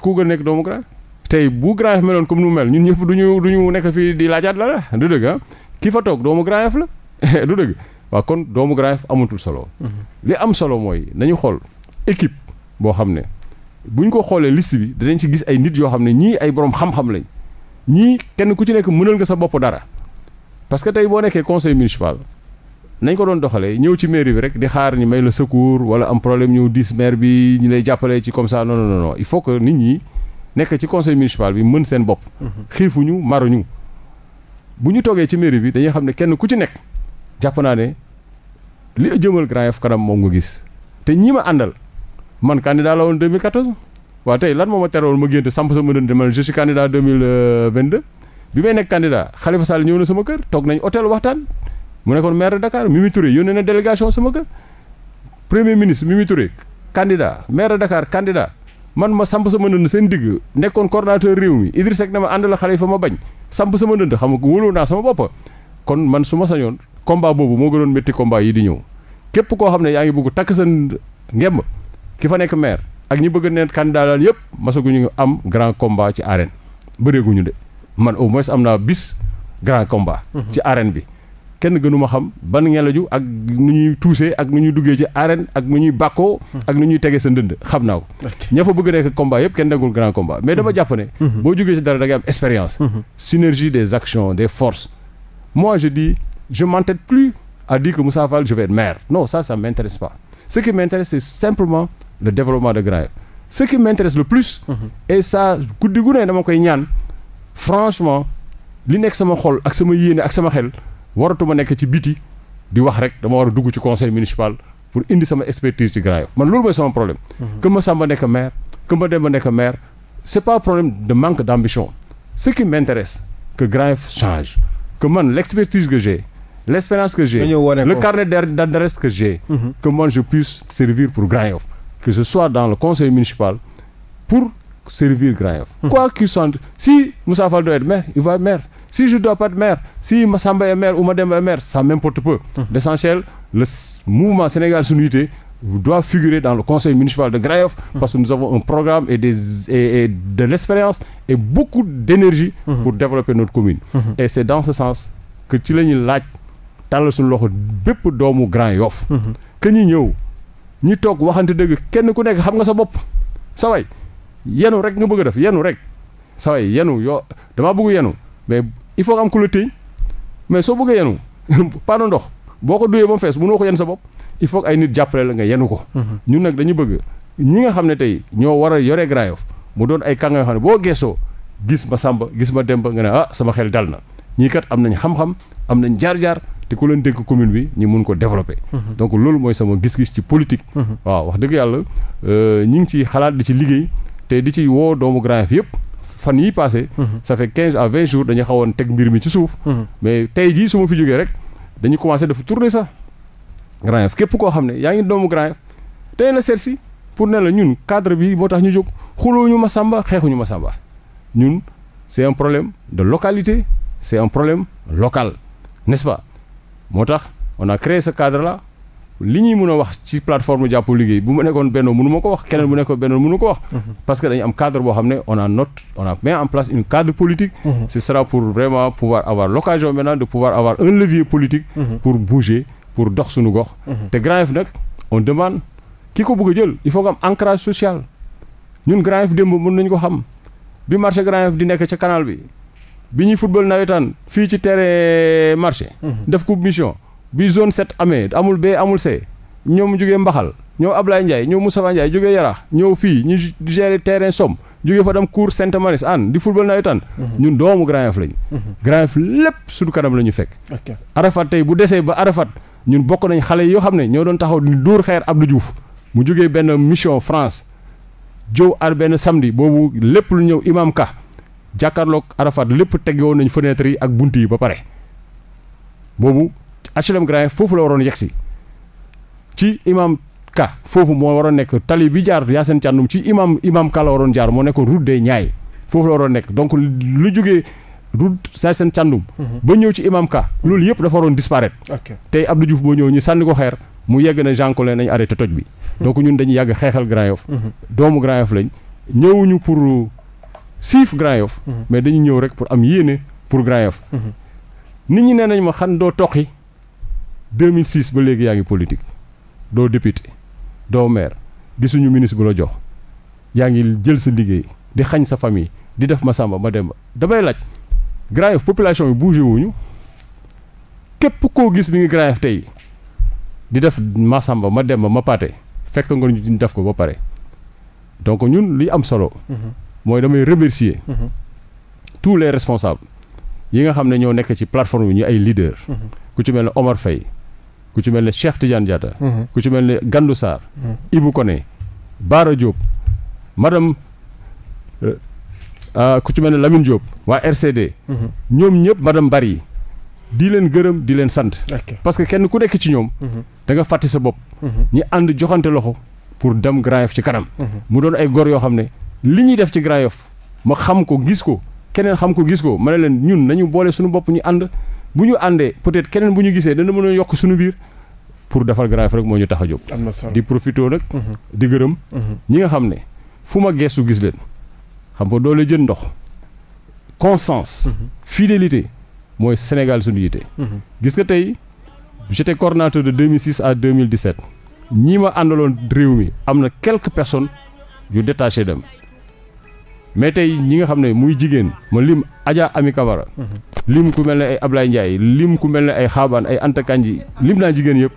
ku gën a nekk doomu Grand tey bu Grand Yoff meloon comme nu mel ñun ñëpp du ñu nekk fii di laajaat la la du dëgg ah ki fa toog doomu Grand Yoff la (laughs) du dëgg waaw kon doomu Grand Yoff amatul solo. Mhm. li am solo mooy nañu xool équipe boo xam ne buñ ko xoolee liste bi danañ ci gis ay nit yoo xam ne ñii ay borom xam-xam lañ ñii kenn ku ci nekk mënal nga sa bopp dara parce que tey boo nekkee conseil municipal. nañ ko doon doxalee ñëw ci mairie bi rek di xaar ñu may la secours wala am problème ñëw dis maire bi ñu lay jàppale ci comme ça non non il faut que nit ñi nekk ci conseil municipal bi mën seen bopp. ñu mhm. xiifuñu maruñu bu ñu toogee ci mairie bi dañuy xam ne kenn ku ci nekk jàpp naa ne li jëmal Grand Yoff kanam moom nga gis te ñii ma àndal man candidat la woon 2014 waaw tey lan moo ma teroon ma génte samp sama dënd man je suis candidat 2022 bi may nekk candidat ñëw na sama kër toog nañ hôtel waxtaan. mu nekkoon maire de Dakar Mimi Touré yónnee délégation sama kër premier ministre Mimi Touré candidat maire de Dakar candidat man ma samp sama ndënd seen digg nekkoon coordonnateur réew mi Idrissa Seck ne ma ànd la xale fa ma bañ samp sama ndënd xam nga wóoloo naa sama bopp kon man su ma sañoon combat boobu moo gënoon metti combat yi di ñëw képp koo xam ne yaa ngi bëgg takk sa ngemb ki fa nekk maire ak ñi bëgg neen candidat laal yëpp masaguñu am grand combat ci arène bëreeguñu de man au moins am naa bis grand combat. Mhm. ci arène bi. kenn gënuma xam ban ngelaju ak nu ñuy tuusee ak nu ñuy duggee ci arène ak nu ñuy bàkkoo ak nu ñuy tegee sa ndënd xam naa ko ña fa bëgg nekk combat yëpp kenn nekkul grand combat mais dama jàpp ne mhm. boo jógee ci dara da ngay am expérience mhm. synergie des actions des forces mois je dis je m'entête plus à di que Moussa Fall je vais maire non ça sa m'intéresse pas ce qui m'intéresse c'est simplement le développement de Grand Yoff ce qui m'intéresse le plus mhm. et ça guddi gu ne dama koy ñaan franchement li nekk sama xol ak sama yéene ak sama xel waratu waratuma nekk ci biti di wax rek dama war a dugg ci conseil municipal pour indi sama expertise ci Grand Yoff man loolu mooy sama problème. que mhm. ma Samba nekk maire que ma Demba nekk maire c' est pas problème de manque d' ambition ce qui m' intéresse que Grand Yoff change que man l' expertise que j'ai l' expérience que j'ai le carnet d' adresse que j'ai mm -hmm. que man je puisse servir pour Grand Yoff que je sois dans le conseil municipal pour servir Grand Yoff mm -hmm. quoi Si je ne dois pas de maire, si Massamba est maire ou Madame est maire, ça m'importe peu. Mmh. L'essentiel, mouvement Sénégal Sunité doit figurer dans le conseil municipal de Grayoff mmh. parce que nous avons un programme et, des, de l'expérience et beaucoup d'énergie mmh. pour développer notre commune. Et c'est dans ce sens que ci la ñu laaj tàllal suñu loxo bépp doomu Grand Yoff. que ñi ñëw ñi toog waxante dëgg kenn ku nekk xam nga sa bopp sa yenu rek nga bëgg def yenu rek sa way yenu yoo il faut am ku la téye mais soo bëggee yenu (laughs) paano ndox boo ko duyee fees mu fees mënoo ko yenn sa bopp il faut ay nit jàppale la nga yenu ko. Mhm. ñu nag dañu bëgg ñi nga xam ne tey ñoo war a yore Grand Yoff mu doon ay kànga yoo xam ne boo geesoo gis ma Samba gis ma Demba nga ne ah sama xel dal na ñii kat am nañ xam-xam am nañ jaar-jaar te ku leen dénk commune bi ñu mun ko développer. Mhm. donc loolu mooy sama gis-gis ci politique. Mhm. waaw wax dëgg yàlla euh, ñi ngi ci xalaat di ci liggéey te di ci woo doomu yëpp. fan yii passé mhm. ça fait quinze à vingt jours dañu xawoon teg mbir mi ci suuf mhm. mais tey jii su ma fi jógee rek dañu commencé dafa tourner sax Grand Yoff képp koo xam ne yaa ngi doomu Grand Yoff dañ la seet si pour ne la ñun cadre bi moo tax ñu jóg xuluñu ma sàmba xeexuñu ma sàmba ñun c'est un problème de localité c'est un problème local n'est-ce pas moo tax on a créé ce cadre la li ñuy mun a wax ci plateforme jàpp liggéey bu mu nekkoon bennoo mënu ko wax keneen bu nekkoon bennoo mënu ko wax mhm. parce que dañu am cadre boo xam ne on a note on a mis en place une cadre politique mm -hmm. ce pour vraiment pouvoir avoir l'occasion maintenant de pouvoir avoir un levier politique mhm. pour bouger pour dox suñu gox mhm. te Grand Yoff nag on demande ki ko bëgg a jël il faut que am ancrage social ñun Grand dem démb mën nañu ko xam bi marché Grand Yoff di nekk ca canal bi bi ñuy football nawetaan fii ci terrain marché def coupe mission bi zone set amee amul B amul C ñoom jógee Mbaxal ñoom Ablaye Ndiaye ñoom Moustapha Ndiaye jógee Yaraax ñëw fii ñu gérer terrain som jógee fa dam cour sent Maris an di football nawetaan mhm. ñun doomu Grand Yoff lañ mhm. Grand Yoff lépp suñu kanam la ñu fekk Arafat tey bu desee ba Arafat ñun bokk nañ xale yoo xam ne ñoo doon taxaw di dóor xeer ab Abdou Diouf mu jógee benn mission France jow ar benn samedi boobu lépp lu ñëw Imam Ka jàkkaarloog Arafat lépp tegewoon nañ fenêtre yi ak bunt yi ba pare HLM Grand Yoff foofu la waroon yegsi ci imam ka foofu moo waroon nekk tali bi jaar Yacine Thiandoum ci imam imam ka la waroon jaar moo nekk route de ñaay foofu la waroon nekk donc lu jógee route Yacine Thiandoum mhm. ba ñëw ci imam ka loolu yëpp dafa waroon disparaître tey ab Abdou Diouf boo ñëw ñu sànni ko xeer mu yegg na Jean Collin nañu arrêté toj bi mhm. donc ñun dañu yàgg xeexal Grand Yoff mhm. doomu Grand Yoff lañ ñëwuñu pour siif Grand Yoff mais dañu ñëw rek pour am yéene pour Grand nit ñi nee nañ ma xan doo toqi 2006 ba léegi yaa ngi politique doo député doo maire gisuñu ministre bu la jox yaa ngi jël sa liggéey di xañ sa famille di def ma sàmba ma dem ba damay laaj Grand Yoff population bi bougé wuñu képp koo gis mi ngi Grand Yoff tey di def ma ma dem ba ma paate fekk nga ñu def ko ba pare donc ñun luy am solo. Mm-hmm. mooy damay remercier. Mm-hmm. tout les responsables yi nga xam ne ñoo nekk ci plateforme bi ñu ay leaders. Mm-hmm. ku ci mel ne Omar Faye ku ci mel ne Cheikh Tidiane Diatta. Mhm. ku ci mel ne Gandou Sarr. Mhm. Ibou Koné Baara Diop madame euh, ah, ku ci mel ne Lamine Diop waa RCD. Mhm. ñoom ñëpp madame Bari di leen gërëm di leen sant. parce que kenn ku nekk ci ñoom. da nga fàtte sa bopp. ñi ànd joxante loxo pour dem Grand Yoff ci kanam. mu doon ay gor yoo xam ne li ñuy def ci Grand Yoff ma xam ko gis ko keneen xam ko gis ko ma ne leen ñun nañu boole sunu bopp ñu ànd. bu ñu àndee peut-être keneen bu ñu gisee dana mën a yokk suñu biir pour defar Grand Yoff rek moo ñu tax a jóg. di profité nag. Mhm. di gërëm. Mhm. ñi nga xam ne fu ma geestu gis leen xam nga doole jën ndox constance. Mhm. fidélité mooy Sénégal suñu yite. gis nga tey j'étais coordonnateur de 2006 à 2017 ñi ma àndaloon réew mi am na quelques personnes yu détaché dem. mais tey ñi nga xam ne muy jigéen ma lim Adja Ami Kabara mhm. lim ku mel ne ay ablaay Ndiaye lim ku mel ne ay Xaabaan ay Anta Kanji lim naa jigéen yëpp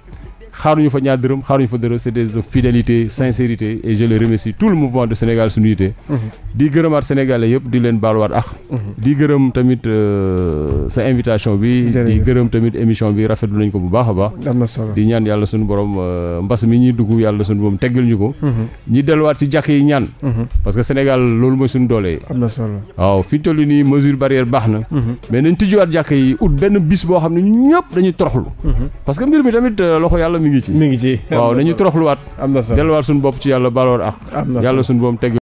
xaaruñu fa ñaar dërëm xaaruñu fa dërëm c'était de fidélité sincérité et je le tout le mouvement de Sénégal suñu unité mhm. di gërëmaat sénégalais yëpp di leen baaluwaat ak mhm. di gërëm tamit euh, sa invitation bi di gërëm tamit émission bi rafetlu nañ ko bu baax a baax di ñaan yàlla suñu borom euh, mbas mi ñuy dugg yàlla suñu borom teggal ñu ko mhm. ñi delluwaat ci jàkk yi ñaan parce que Sénégal loolu mooy suñu doole waaw fi ñu toll nii mesure barrière baax na mais nañ tijjiwaat jàkk yi ut boo xam ne ñëpp dañuy toroxlu parce que mi ngi ci mi ngi ci waaw nañu toroxluwaat am delluwaat suñu bopp ci yàlla baloor ak yàlla suñu boom teg